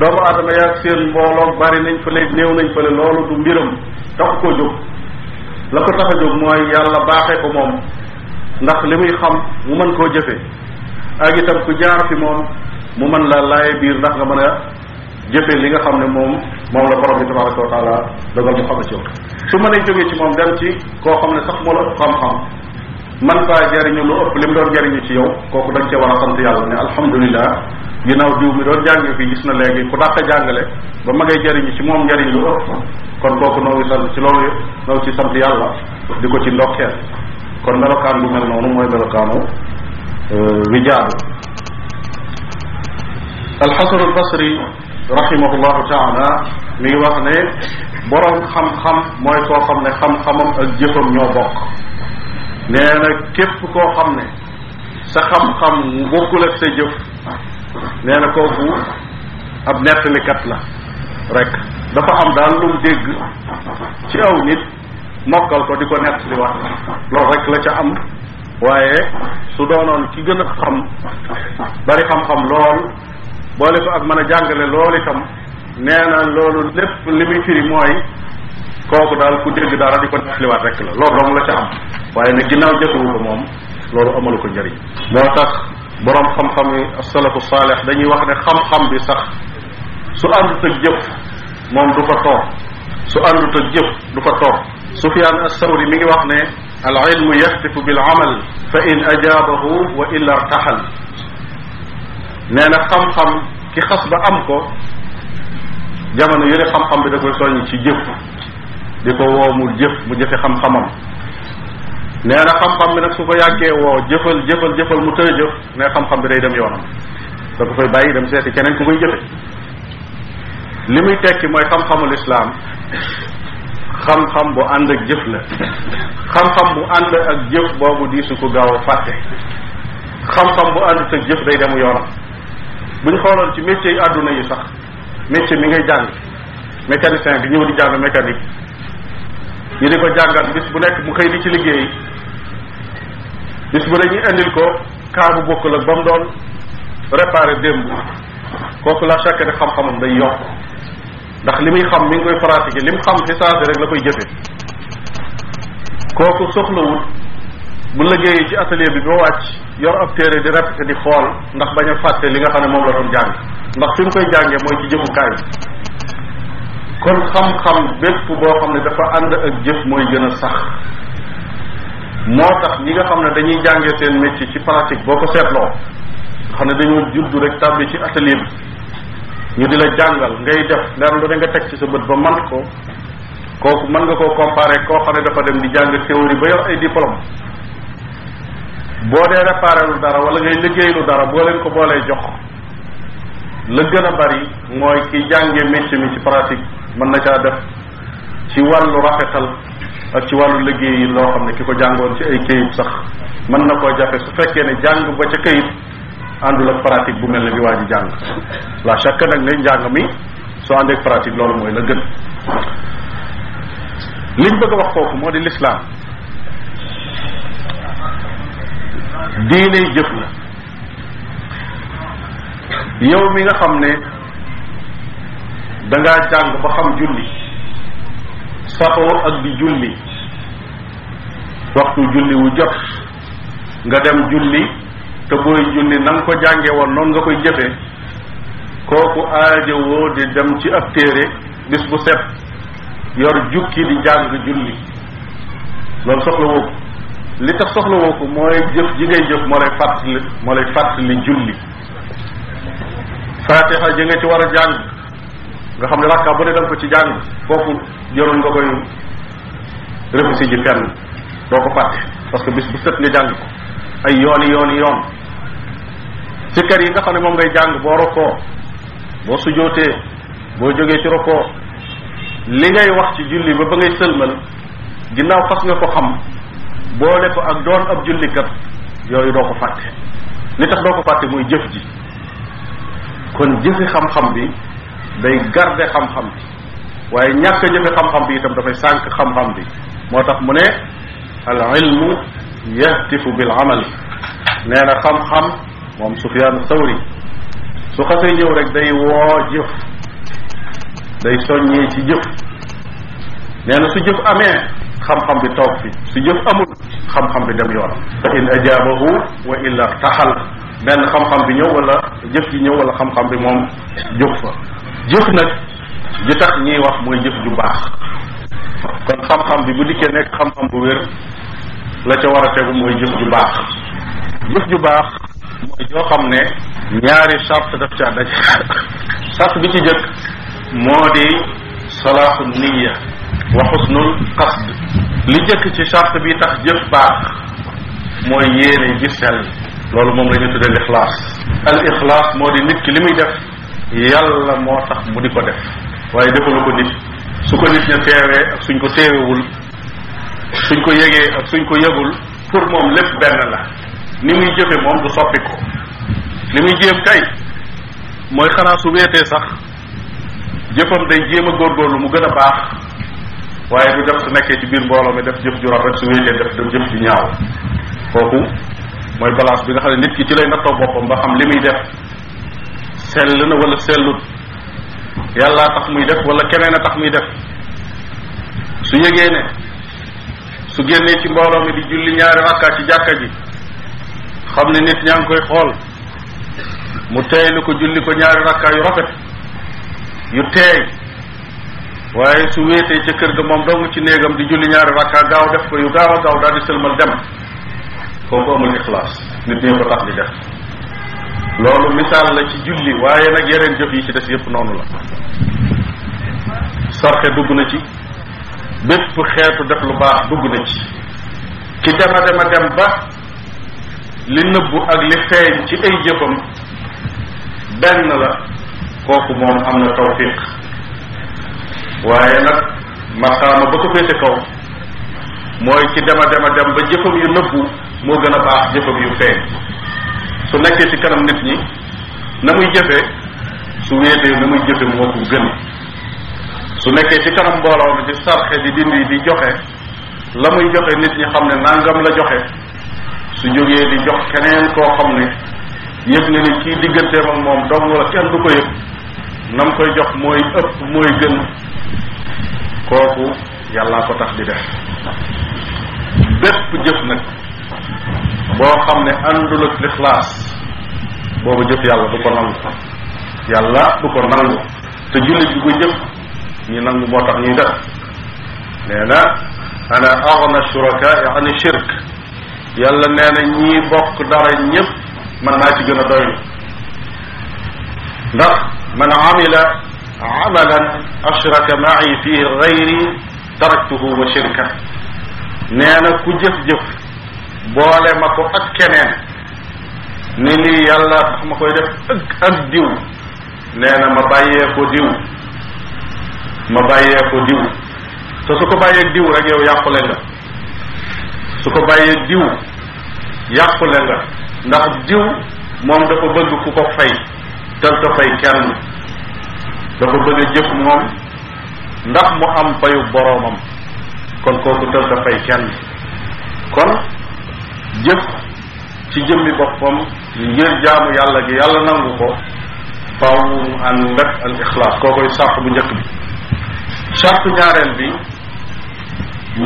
doomu aadama yaag seen mbooloo bari nañ fa léegi néew nañ fa le loolu du mbiram tax koo jóg la ko tax a jóg mooy yàlla baaxee ko moom ndax li muy xam mu mën koo jëfe ak itam ku jaar fi moom mu mën la laaye biir ndax nga mën a jëfe li nga xam ne moom moom la borom bi tabaraka wa taala dogal mu xam a ci yow su mën a jógee ci moom dem ci koo xam ne sax moo la xam-xam man faa jariñu lu ëpp li mu doon jariñu ci yow kooku dañ cee war a sant yàlla ne alhamdulilah ginnaaw diw mi doon jànge fii gis na léegi ku dàq jàngale ba ma ngay jariñu ci moom njariñ lu ëpp kon kooku noo ngi sant ci loolu noo ci sant yàlla di ko ci ndokkeel kon melokaan bu mel noonu mooy melokaanu wi euh, jaadu alxasan al basri rahimahullahu taala mi ngi wax ne boroom xam-xam mooy koo xam ne xam-xamam ak jëfam ñoo bokk nee na képp koo xam ne sa xam-xam bokkul ak sa jëf nee na kooku ab nettalikat la rek dafa am daal lu mu dégg ci aw nit mokkal ko di ko nettaliwaat loolu rek la ca am waaye su doonoon ki gën a xam bari xam-xam lool boole ko ak mën a jàngale lool itam nee na loolu lépp li muy firi mooy kooku daal ku dégg dara di ko nettaliwaat rek la loolu dong la ca am waaye nag ginnaaw jëfewu ko moom loolu amalu ko njëriñ moo tax boroom xam-xam yi asalafu saalex dañuy wax ne xam-xam bi sax su àndut ak jëf moom du fa toog su àndut ak jëf du fa toog sufyaan assawri mi ngi wax ne al ilmu yaxtifu bil amal fa in ajaabahu wa illa artaxal nee na xam-xam ki xas ba am ko jamono yu ne xam-xam bi da koy soññ ci jëf di ko woo mu jëf mu jëfe xam-xamam nee na xam-xam bi nag su ko yàggee woo jëfal jëfal jëfal mu tëj jëf ne xam-xam bi day dem yoonam da ko koy bàyyi dem seeti keneen ku koy jëfe li muy tekki mooy xam-xamul islaam xam-xam bu ànd ak jëf la xam-xam bu ànd ak jëf boobu di su ko gaaw a fàtte xam-xam bu ànd ak jëf day dem yoonam buñ ñu ci métier àdduna yi sax métier mi ngay jàng mécanicien bi ñëw di jàng mécanique ñu di ko jàngat bis bu nekk mu xëy di ci liggéey bis bu ne ñu indil ko kaabu bokkul ak ba mu doon réparé démb kooku la chaque ne xam-xamam day yokk ndax li muy xam mi ngi koy pratiquer li mu xam ci saa si rek la koy jëfe kooku soxlawut bu liggéeyee ci atelier bi ba wàcc yor ab téere di répété di xool ndax bañ a fàtte li nga xam ne moom la doon jàng ndax fi mu koy jàngee mooy ci jëfukaay kon xam-xam bépp boo xam ne dafa ànd ak jëf mooy gën a sax moo tax ñi nga xam ne dañuy jàngee seen métier ci pratique boo ko seetloo xam ne dañu juddu rek tàbbi ci atelier bi ñu di la jàngal ngay def lenn lu ne nga teg ci sa bët ba man ko kooku mën nga koo comparer koo xam ne dafa dem di jàng théorie ba yor ay diplôme boo dee réparé dara wala ngay liggéey lu dara boo leen ko boolee jox la gën a bari mooy ki jàngee métier mi ci pratique mën na caa def ci wàllu rafetal ak ci wàllu liggéey loo xam ne ki ko jàngoon ci ay kayit sax mën na koo jafe su fekkee ne jàng ba ca kayit àndul ak pratique bu mel na bi waa di jàng la chaque nag ne jàng mi soo àndeek pratique loolu mooy la gën liñ bëgg a wax kooku moo di lislaam diine jëf la yow mi nga xam ne dangaa jàng ba xam julli saxoo ak di julli waxtu julli wu jot nga dem julli te booy julli na ko jànge woon noonu nga koy jëfee kooku aajowoo di dem ci ab téere bis bu set yor jukki di jàng julli loolu soxla woo ko li tax soxla woo ko mooy jëf ji ngay jëf moo lay fàttali moo lay fàttali julli faatixa ji nga ci war a jàng nga xam ne rakka bu ne da ko ci jàng foofu joroon nga koy refusé ji fenn doo ko fàtte parce que bis bu sët nga jàng ko ay yooni yooni yoon ci kër yi nga xam ne moom ngay jàng boo rokkoo boo sujootee boo jógee ci rokkoo li ngay wax ci julli ba ba ngay sëlmal ginnaaw fas nga ko xam boole ko ak doon ab jullikat yooyu doo ko fàtte li tax doo ko fàtte mooy jëf ji kon jëfi xam-xam bi day garder xam-xam bi waaye ñàkk a jëfe xam-xam bi itam dafay sànq xam-xam bi moo tax mu ne al ilmu yahtifu bil amali nee na xam-xam moom Sufyaan Sawri su xasee ñëw rek day woo jëf day soññee ci jëf nee na su jëf amee xam-xam bi toog fi su jëf amul xam-xam bi dem yoon fa in ajaabahu wa illa taxal benn xam-xam bi ñëw wala jëf ji ñëw wala xam-xam bi moom jóg fa jëf nag li tax ñuy wax mooy jëf ju baax kon xam-xam bi bu dikkee nekk xam-xam bu wér la ca war a tegu mooy jëf ju baax jëf ju baax mooy joo xam ne ñaari sart daf caa daj sart bi ci jëkk moo di salaaxu niya wa xusnul qasd li jëkk ci sart bi tax jëf baax mooy yéene ji sell loolu moom la ñu tuddee lixlaas al ixlaas moo di nit ki li muy def yàlla moo tax mu di ko def waaye defalu ko nit su ko nit ña teewee ak suñ ko teewewul suñ ko yëgee ak suñ ko yëgul pour moom lépp benn la ni muy jëfe moom du soppi ko li muy jéem kay mooy xanaa su weetee sax jëfam day jéem a lu mu gën a baax waaye du def su nekkee ci biir mbooloo mi def jëf ju rafet su weetee def dem jëf ju ñaaw kooku mooy balance bi nga xam ne nit ki ci lay nattoo boppam ba xam li muy def sell na wala sellut yàllaa tax muy def wala keneen a muy def su yëgee ne su génnee ci mbooloo mi di julli ñaari rakka ci jàkka ji xam ne nit ñaa ngi koy xool mu teeylu ko julli ko ñaari rakka yu rafet yu teey waaye su wéetee ca kër ga moom dong ci néegam di julli ñaari rakka gaaw def ko yu gaaw a gaaw daal di sëlmal dem kooku amul ixlaas nit ñi ko tax di def loolu misaal la ci julli waaye nag yeneen jëf yi ci def yépp noonu la sarxe dugg na ci bépp xeetu def lu baax dugg na ci ki dema dema dem ba li nëbbu ak li feeñ ci ay jëfam benn la kooku moom am na tawfiq waaye nag maqaama ba ko féete kaw mooy ki dema dema dem ba jëfam yu nëbbu moo gën a baax jëfam yu feeñ su nekkee ci kanam nit ñi na muy jëfee su wéetee na muy jëfee moo ko gën su nekkee ci kanam mbooloo mi di sarxe di dindi di joxe la muy joxe nit ñi xam ne nangam la joxe su jógee di jox keneen koo xam ne yëg na ni kii digganteem ak moom doomu la kenn du ko yëg nam koy jox mooy ëpp gën kooku yàllaa ko tax di def bépp jëf nag boo xam ne àndul ak lixlaas boobu jëf yàlla du ko nangu yàlla du ko nangu te jullit bi ko jëf ñi nangu moo tax ñuy def nee na ana agna shurakaai an shirk yàlla nee na ñii bokk dara ñépp man naa ci gën a doylu ndax man amila amalan ashraka ma'i fihi gayri taraktuhu wa shirka nee na ku jëf-jëf boole ma ko ak keneen ni lii yàlla tax ma koy def ak ak diw nee na ma bàyyee ko diw ma bàyyee ko diw te su ko bàyyee diw rek yow yàqule nga su ko bàyyee diw yàqule nga ndax diw moom dafa bëgg ku ko fay tel te fay kenn dafa bëgg a jëf moom ndax mu am fayu boroomam kon kooku tel te fay kenn kon jëf ci jëmmi boppam ngir jaamu yàlla gi yàlla nangu ko faaw mu al ixlaas koo koy sàq bu njëkk bi sàq ñaareel bi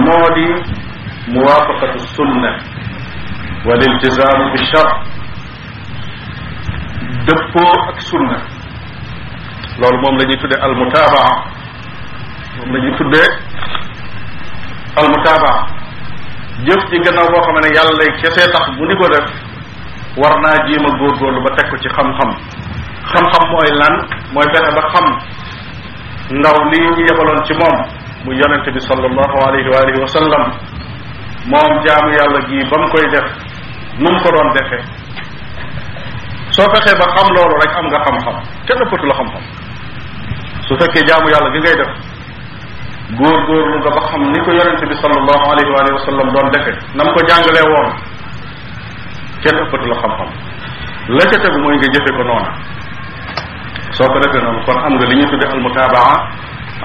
moo di muwaafaqatu sunna wal iltisaamu bi shart dëppoo ak sunna loolu moom la ñuy tuddee al mutaabaa moom jëf ji gannaaw boo xam ne yàlla lay kesee tax mu ni ko def war naa jéem a góorlu ba teg ko ci xam-xam xam-xam mooy lan mooy fexe ba xam ndaw lii ñu yebaloon ci moom mu yonent bi sallallahu alayhi wa alihi wa sallam moom jaamu yàlla gii ba mu koy def nu mu ko doon defe soo fexee ba xam loolu rek am nga xam-xam kenn ëppatu la xam-xam su fekkee jaamu yàlla gi ngay def góor-góorlu nga ba xam ni ko yonente bi sallallahu alayhi wa alihi wa sallam doon defe na mu ko jàngalee woon kenn ëppatu la xam-xam la ca tegu mooy nga jëfe ko noona soo ko defee noonu kon am nga li ñu tudde almutaabaa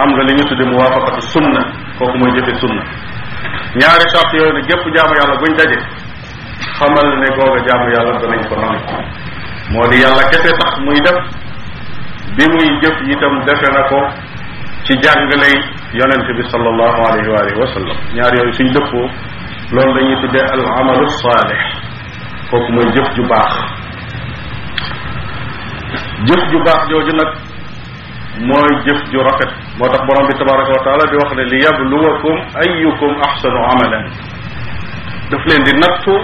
am nga li ñu tudde muwaafaqatu sunna kooku mooy jëfe sunna ñaari sart yooyu ne gépp jaamu yàlla buñ daje xamal ne googa jaamu yàlla danañ ko nangu moo di yàlla kese tax muy def bi muy jëf itam defe na ko ci jàngale yonente bi sallallahu alayhi wa alihi wa sallam ñaar yooyu suñ dëppoo loolu la ñuy tuddee al amalu saalih kooku mooy jëf ju baax jëf ju baax jooju nag mooy jëf ju rafet moo tax borom bi tabaraka wa taala di wax ne li yabluwakum ayukum ahsanu amalan daf leen di nattu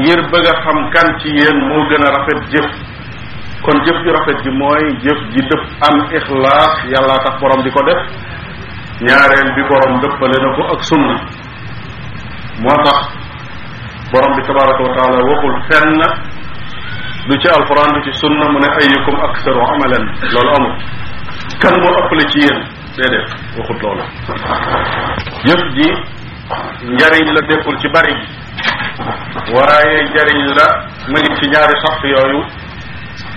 ngir bëgg a xam kan ci yéen moo gën a rafet jëf kon jëf ju rafet ji mooy jëf ji dëpp am ixlaas yàllaa tax borom di ko def ñaareel bi borom dëppale na ko ak sunna moo tax borom bi tabaraka wa taala waxul fenn du ci alquran du ci sunna mu ne ayyukum aksaru amalan loolu amul kan moo ëppale ci yéen déedéet waxut loolu jëf ji njariñ la dekkul ci bari gi waaye la ma ci ñaari sax yooyu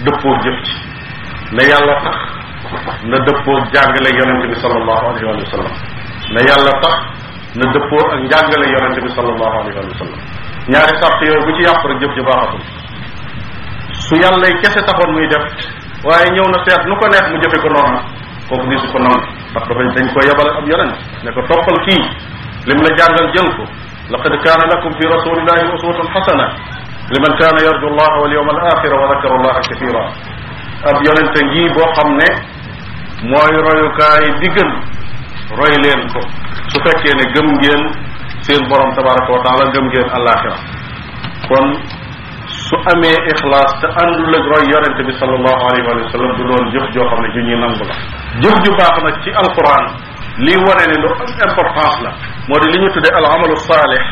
dëppoo jëf ci na yàlla tax na dëppoo jàngale yonente bi sallallahu alayhi wa sallam na yàlla tax na dëppoo ak njàngale yonente bi sallallahu alayhi wa sallam ñaari sàrt yooyu bu ci yàpp rek jëf ji baaxatul su yàllay kese taxoon muy def waaye ñëw na seet nu ko neex mu jëfe ko noonu kooku di su ko nangu ndax dafa dañ ko yebal ab yonent ne ko toppal kii lim la jàngal jël ko laqad kaana lakum fi rasulillahi uswatun xasana liman kaana yarju allah wal yawm al axira wa dakara allaha kathira ab yonente ngi boo xam ne mooy royukaay di gën roy leen ko su fekkee ne gëm ngeen seen borom tabaraka wa taala gëm ngeen alaxira kon su amee ixlaas te àndul ak roy yonente bi salallahu alayhi wa sallam du doon jëf joo xam ne ju ñuy nangu la jëf ju baax nag ci alquran lii wane ne lu am importance la moo di li ñu tuddee al amalu saalih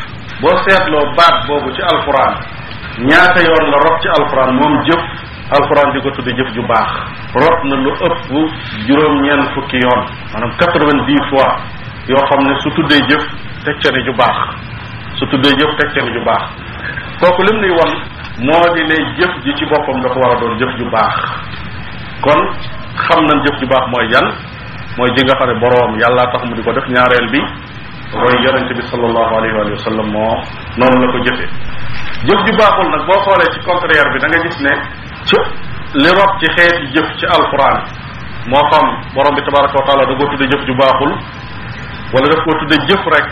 boo seetloo baat boobu ci alquran ñaata yoon la rot ci alxuraan moom jëf alxuraan di ko tudde jëf ju baax rot na lu ëpp juróom-ñeent fukki yoon maanaam quatre-vingt-dix fois yoo xam ne su tuddee jëf teg ca ju baax su tuddee jëf teg ca ju baax kooku lim nuy won moo di ne jëf ji ci boppam dafa war a doon jëf ju baax kon xam nañ jëf ju baax mooy yan mooy ji nga xam ne boroom yàllaa tax mu di ko def ñaareel bi roy yonente bi sallallahu alayhi wa sallam moo noonu la ko jëfe jëf ju baaxul nag boo xoolee ci contraire bi da nga gis ne ci li rob ci xeeti jëf ci alquran moo xam borom bi tabaraka wa taala da koo tudde jëf ju baaxul wala daf koo tudde jëf rek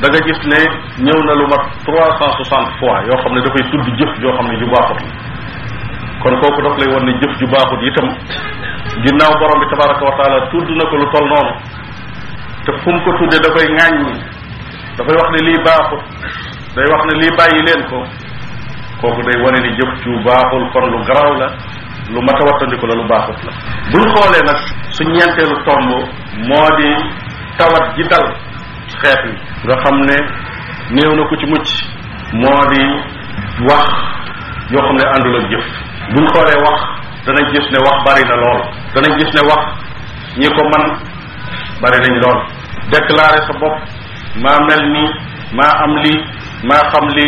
da nga gis ne ñëw na lu mat trois cent soixante fois yoo xam ne dafay tudd jëf joo xam ne ju baaxul kon kooku daf lay won ne jëf ju baaxul yitam ginnaaw borom bi tabaraka wa taala tudd na ko lu tol noonu te fu ko tuddee dafay ŋàññi dafay wax ne lii baaxul day wax ne lii bàyyi leen ko kooku day wane ni jëf ju baaxul kon lu garaaw la lu mat a la lu baaxut la buñ xoolee nag su ñeenteelu tomb moo di tawat ji dal xeet wi nga xam ne néew na ku ci mucc moo di wax yoo xam ne àndul ak jëf buñ xoolee wax danañ gis ne wax bari na lool danañ gis ne wax ñi ko man bari nañ lool déclarer sa bopp maa mel nii maa am lii maa xam li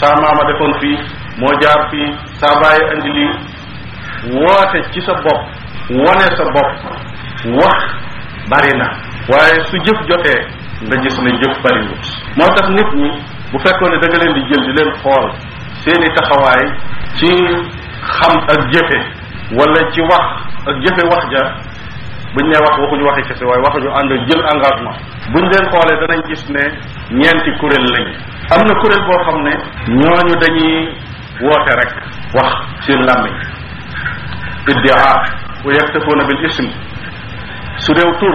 saa maama defoon fii moo jaar fii saa bàyyi andi lii woote ci sa bopp wone sa bopp wax bari na waaye su jëf jotee nga gis ne jëf bariwut moo tax nit ñi bu fekkoon ne da leen di jël di leen xool seeni taxawaay ci xam ak jëfe wala ci wax ak jëfe wax ja buñ nee wax ñu waxi kese waaye waxuñu ànd jël engagement buñ leen xoolee danañ gis ne ñeenti kuréel lañu am na kuréel boo xam ne ñooñu dañuy woote rek wax seen làmmiñ iddia wa yaktafuuna bil ism su deew tur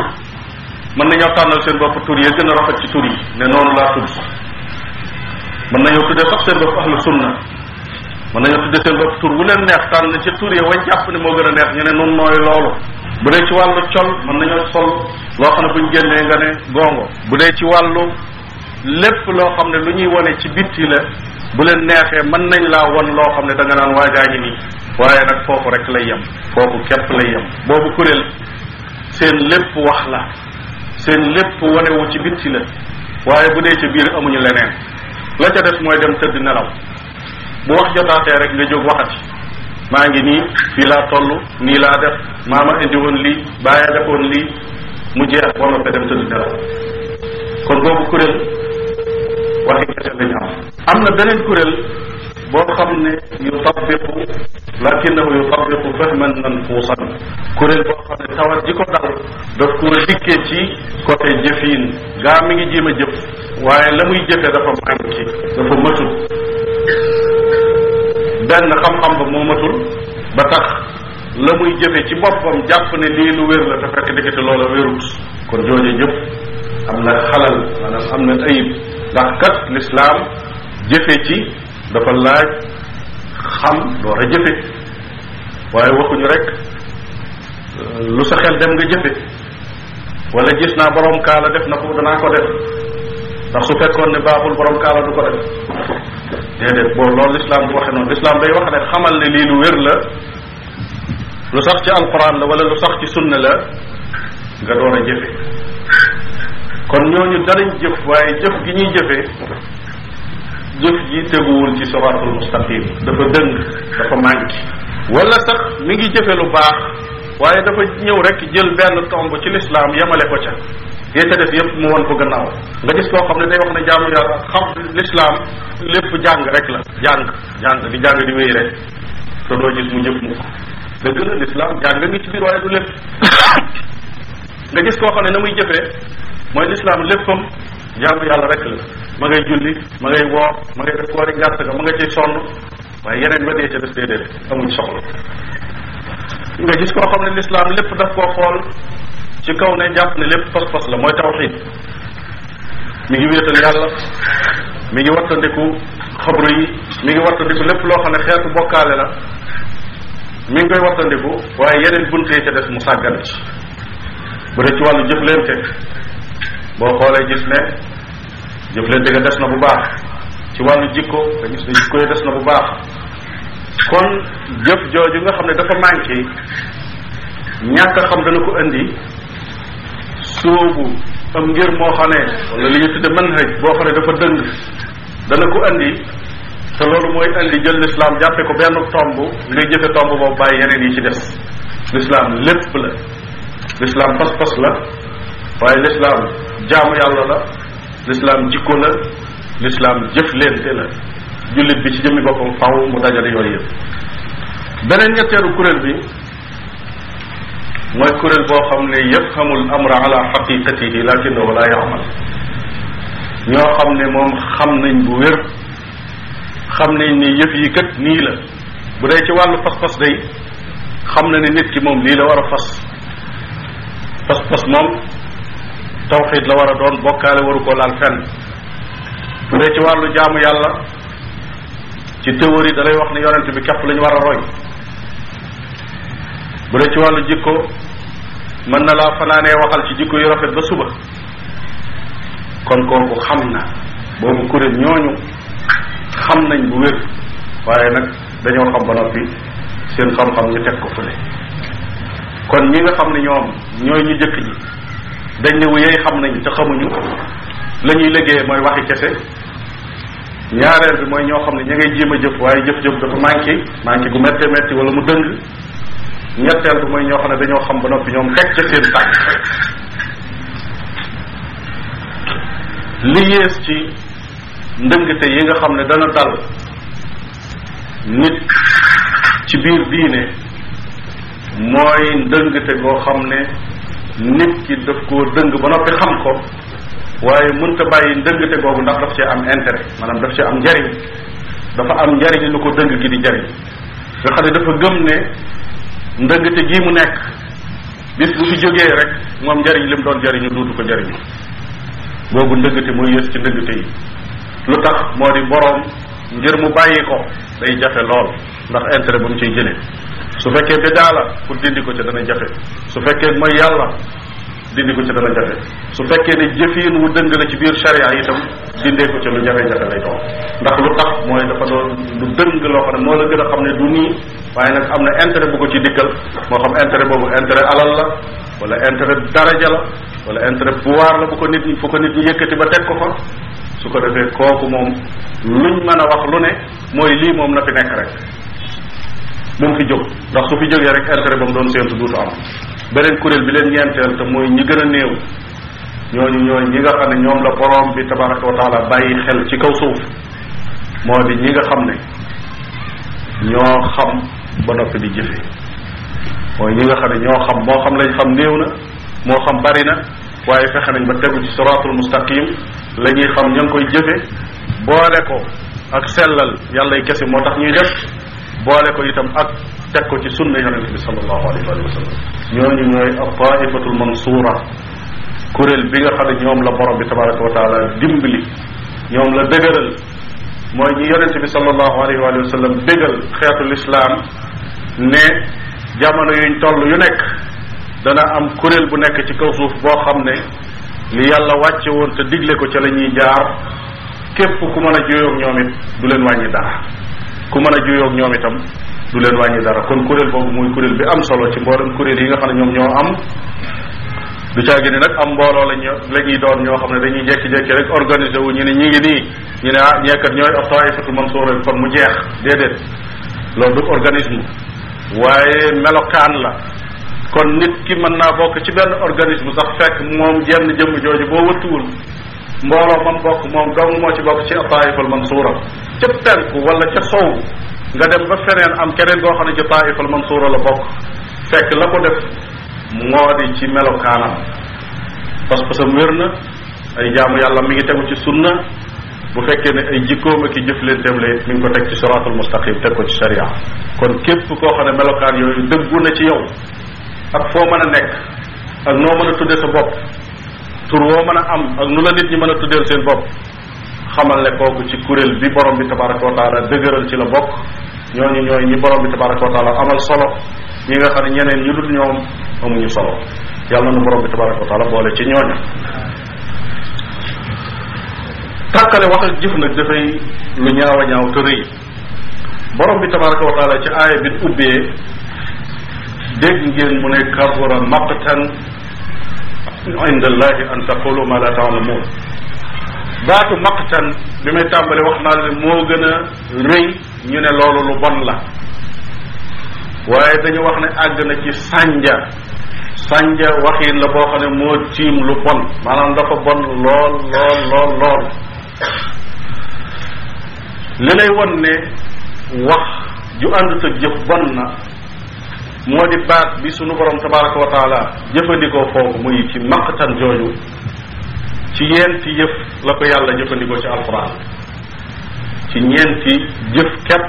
mën nañoo tànnal seen bopp tur yi gën a rafet ci tur yi ne noonu laa tudd mën nañoo tuddee sax seen bopp ahlu sunna mën nañoo tuddee seen bopp tur bu leen neex tànn ci tur yi wañ jàpp ne moo gën a neex ñu ne nun nooy loolu bu dee ci wàllu col mën nañoo sol loo xam ne ñu génnee nga ne gongo bu dee ci wàllu lépp loo xam ne lu ñuy wone ci bitti la bu leen neexee mën nañ laa won loo xam ne da nga naan waajaa ngi nii waaye nag foofu rek lay yem foofu képp lay yem boobu kuréel seen lépp wax la seen lépp wanewu ci bitti la waaye bu dee ci biir amuñu leneen la ca des mooy dem tëdd nelaw bu wax jotaatee rek nga jóg waxati maa ngi nii fii laa toll nii laa def maama indi woon lii bàyyi defoon lii mu jeex wala ba dem tëdd nelaw kon boobu kuréel waxi kese la am am na beneen kuréel boo xam ne yu tabbiqu lakinahu yu tabbiqu fahman manfuusan kuréel boo xam ne tawat ji ko dal daf ko dikkee ci côté jëfiin gaa mi ngi jéem a jëf waaye la muy jëfe dafa manqué dafa matul benn xam-xam ba moo matul ba tax la muy jëfe ci boppam jàpp ne lii lu wér la te fekk ndekete loola wérut kon jooje jëf am na xalal am na ayib ndax kat lislaam jëfe ci dafa laaj xam door a jëfe waaye waxuñu rek lu sa xel dem nga jëfe wala gis naa borom kaala def na ko danaa ko def ndax su fekkoon ne baabul borom kaala du ko def déedéet boo loolu lislaam bu waxee noonu lislaam day wax ne xamal ne lii lu wér la lu sax ci alquran la wala lu sax ci sunna la nga door a jëfe kon ñooñu danañ jëf waaye jëf gi ñuy jëfee jëf ji teguwul ci siraatul mustaqim dafa dëng dafa manqué wala sax mi ngi jëfe lu baax waaye dafa ñëw rek jël benn tomb ci lislaam yemale ko ca yee ca def yépp mu wan ko gannaaw nga gis koo xam ne day wax ne jaamu yàlla xam lislaam lépp jàng rek la jàng jàng di jàng di wéy rek te doo gis mu jëf mu dëgg la lislaam jàng ngi ci biir waaye du lépp nga gis koo xam ne na muy jëfee mooy lislaam léppam jaamu yàlla rek la ma ngay julli ma ngay woor ma ngay def koori ngàtt ga ma nga ciy sonn waaye yeneen ba dee ca des déedéet amuñ soxla nga gis koo xam ne lislaam lépp daf koo xool ci kaw ne jàpp ne lépp pas-pas la mooy tawxiid mi ngi wéetal yàlla mi ngi wattandiku xabru yi mi ngi wattandiku lépp loo xam ne xeetu bokkaale la mi ngi koy wattandiku waaye yeneen bunt yi ca des mu sàggane ci bu dee ci wàllu jëflante boo xoolee gis ne jëflante ga des na bu baax ci wàllu jikko nga gis ne jikko des na bu baax kon jëf jooju nga xam ne dafa manqué ñàkk a xam dana ko indi sóobu am ngir moo xam ne wala li ñu tudde manhaj boo xam ne dafa dëng dana ko indi te loolu mooy indi jël lislaam jàppe ko benn tomb ngay jëfe tomb boobu bàyyi yeneen yi ci des lislaam lépp la lislaam pas-pas la waaye lislaam jaamu yàlla la lislaam jikko la lislaam jëflente la jullit bi ci jëmmi boppam faw mu dajale yooyu yëpp beneen ñetteelu kuréel bi mooy kuréel boo xam ne yafhamul amra ala xaqiqatihi lakinnahu la yaamal ñoo xam ne moom xam nañ bu wér nañ ne yëf yi kat nii bu dee ci wàllu fas-fas day xam na ne nit ki moom lii la war a fas fas tawxid la war a doon bokkaale waru ko laal fenn bu dee ci wàllu jaamu yàlla ci théorie da lay wax ne yonent bi képp lañu war a roy bu dee ci wàllu jikko mën na laa fanaanee waxal ci jikko yu rafet ba suba kon kooku xam na boobu kuréel ñooñu xam nañ bu wér waaye nag dañoo xam ba noppi seen xam-xam ñu teg ko fële kon ñi nga xam ne ñoom ñooy ñu jëkk ñi dañ ne wuyey xam nañ te xamuñu la ñuy liggéey mooy waxi kese ñaareel bi mooy ñoo xam ne ñu ngay jéem a jëf waaye jëf-jëf dafa manqué manqué gu méttee métti wala mu dëng ñetteel bi mooy ñoo xam ne dañoo xam ba noppi ñoom teg ca seen tànk li yées ci ndëngte yi nga xam ne dana dal nit ci biir diine mooy ndëngte goo xam ne nit ki daf koo dëng ba noppi xam ko waaye mënta bàyyi ndëngte boobu ndax daf cee am intérêt manaam daf cee am njariñ dafa am njariñ lu ko dëng ki di jariñ nga xam ne dafa gëm ne ndëngte gii mu nekk bis bu fi jógee rek moom njariñ li mu doon jariñu duutu ko jariñu boobu ndëngte mooy yës ci ndëngte yi lu tax moo di boroom ngir mu bàyyi ko day jafe lool ndax intérêt ba mu ciy jëlee su fekkee bidaa la pour dindi ko ci dana jafe su fekkee mooy yàlla dindi ko ci dana jafe su fekkee ne jëfiin wu dëng la ci biir charia itam dindee ko ci lu jafe-jafe lay doon ndax lu tax mooy dafa doon lu dëng loo xam ne moo la gën a xam ne du nii waaye nag am na intérêt bu ko ci dikkal moo xam intérêt boobu intérêt alal la wala intérêt daraja la wala intérêt pouvoir la bu ko nit ñi fu ko nit ñi yëkkati ba deg ko fa su ko defee kooku moom ñu mën a wax lu ne mooy lii moom na fi rek moom fi jóg ndax su fi jógee rek intérêt ba mu doon séentu duutu am beneen kuréel bi leen ñeenteel te mooy ñi gën a néew ñooñu ñooy ñi nga la borom bi tabaraka wa taala bàyyi xel ci kaw suuf moo di ñi nga xam ne ñoo xam ba noppi di jëfe mooy ñi nga xam ne ñoo xam moo xam lañ xam néew na moo xam bari na waaye fexe nañ ba tegu ci siraatul mustaqim la ñuy xam ña koy jëfe boole ko ak sellal yàlla kese moo tax ñuy def boole ko itam ak teg ko ci sunna yonente bi sallallahu alayhi wa ñooñu ñooy at-taifatul kuréel bi nga xam ne ñoom la borom bi tabaraka wa taala dimbali ñoom la dëgëral mooy ñi yonente bi sallallahu alayhi wa sallam dëggal xeetu lislaam ne jamono yuñ toll yu nekk dana am kuréel bu nekk ci kaw suuf boo xam ne li yàlla wàcce woon te digle ko ci la ñuy jaar képp ku mën a juyoo ñoom it du leen wàññi dara ku mën a juyoog ñoom itam du leen wàññi dara kon kuréel boobu muy kuréel bi am solo ci mboolem kuréel yi nga xam ne ñoom ñoo am du caagi ni nag am mbooloo lañ la ñuy doon ñoo xam ne dañuy jekki-jekki rek organisé wu ñu ne ñi ngi nii ñu ne ah ñeekat ñooy ab taifatu mansuura kon mu jeex déedéet loolu du organisme waaye melokaan la kon nit ki mën naa bokk ci benn organisme sax fekk moom jenn jëmm jooju boo wëttuwul mbooloo man bokk moom dong moo ci bokk ci taifal mansuura ca penku wala ca sow nga dem ba feneen am keneen koo xam ne ci taifal mansuura la bokk fekk la ko def moo di ci melokaanam pas-pasam wér na ay jaamu yàlla mi ngi tegu ci sunna bu fekkee ne ay jikkoom ak i leen la mi ngi ko teg ci siraatul mustaqim teg ko ci sharia kon képp koo xam ne melokaan yooyu dëggu na ci yow ak foo mën a nekk ak noo mën a tudde sa bopp tur woo mën a am ak nu la nit ñi mën a tuddeel seen bopp xamal ne kooku ci kuréel bi borom bi tabaraka wa taala dëgëral ci la bokk ñooñu ñooy ñi borom bi tabaraka wa amal solo ñi nga xam ne ñeneen ñu dul ñoom amuñu solo yàlla na borom bi tabaraka wa taala boole ci ñooña tàkkale wax ak jëf nag dafay lu ñaaw a ñaaw te rëy borom bi tabaraka wa ci aaya bi ubbee dégg ngeen mu ne kabura maqtan inda allahi an taqulu ma la taalamuun baatu maqtan bi may tàmbali wax naa ne moo gën a rëy ñu ne loolu lu bon la waaye dañu wax ne àgg na ci sànja sànja waxiin la boo xam ne moo tiim lu bon maanaam dafa bon lool lool lool li lay won ne wax ju àndut ak jëf bon na moo di baat bi sunu borom tabaraka wa taala jëfandikoo foofu muy ci maqtan jooju ci ñeenti yëf la ko yàlla jëfandikoo ci alquran ci ñeenti jëf kepp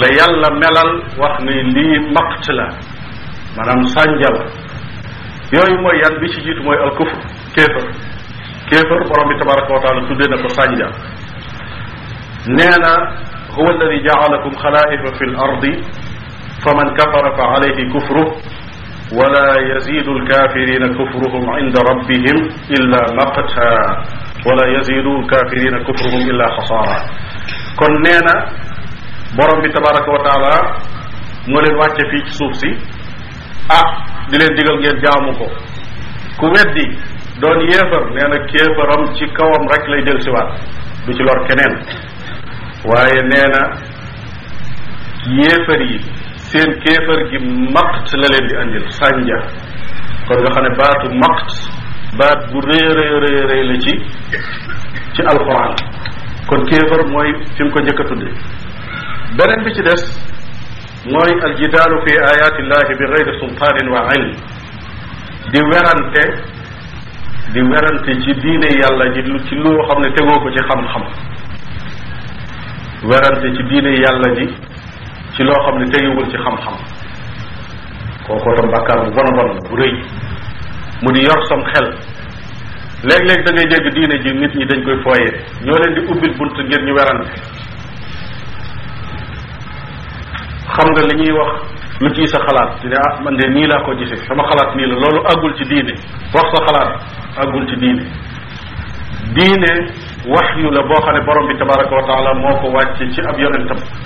la yàlla melal wax ni lii maqt la maanaam sànja la yooyu mooy yan bi ci jiitu mooy alkufr kéefër kéefër borom bi tabaraka wa taala tuddee na ko sànja nee na huwa alladi jaalakum xalaa'ifa fi l ardi faman kafara fa alayhi kufruh wala yazidu alkafirina kufruhum inda rabbihim illa maqta wala yazidu alkafirina kufruhum illa xasaara kon nee na borom bi tabaraka wa taala moo leen wàcce fii ci suuf si ah di leen digal ngeen jaamu ko ku weddi doon yéefar nee na kéefaram ci kawam rek lay del siwaat du ci lor keneen waaye nee na yéefar yi seen kéefar gi maqt la leen di andil sànja kon nga xam ne baatu maqt baat bu rëy rëy rëy rëy la ci ci alxuraan kon kéefar mooy fi ko njëkk a tudde beneen bi ci des mooy aljidaalu fi ayatillahi bi gayri sultaanin wa ilm di werante di werante ci diine yàlla ji ci loo xam ne tegoo ko ci xam-xam werante ci diine yàlla ji ci loo xam ne teguwul ci xam-xam kookoo tam bàkkaar bu bon a bon bu rëy mu di yor sam xel léeg-léeg da ngay dégg diine ji nit ñi dañ koy fooyee ñoo leen di ubbil bunt ngir ñu werante xam nga li ñuy wax lu ciy sa xalaat di ne ah man de nii laa ko gisee sama xalaat nii la loolu agul ci diine wax sa xalaat àggul ci diine diine wax yu la boo xam ne borom bi tabaraka wa taala moo ko wàcce ci ab yonentam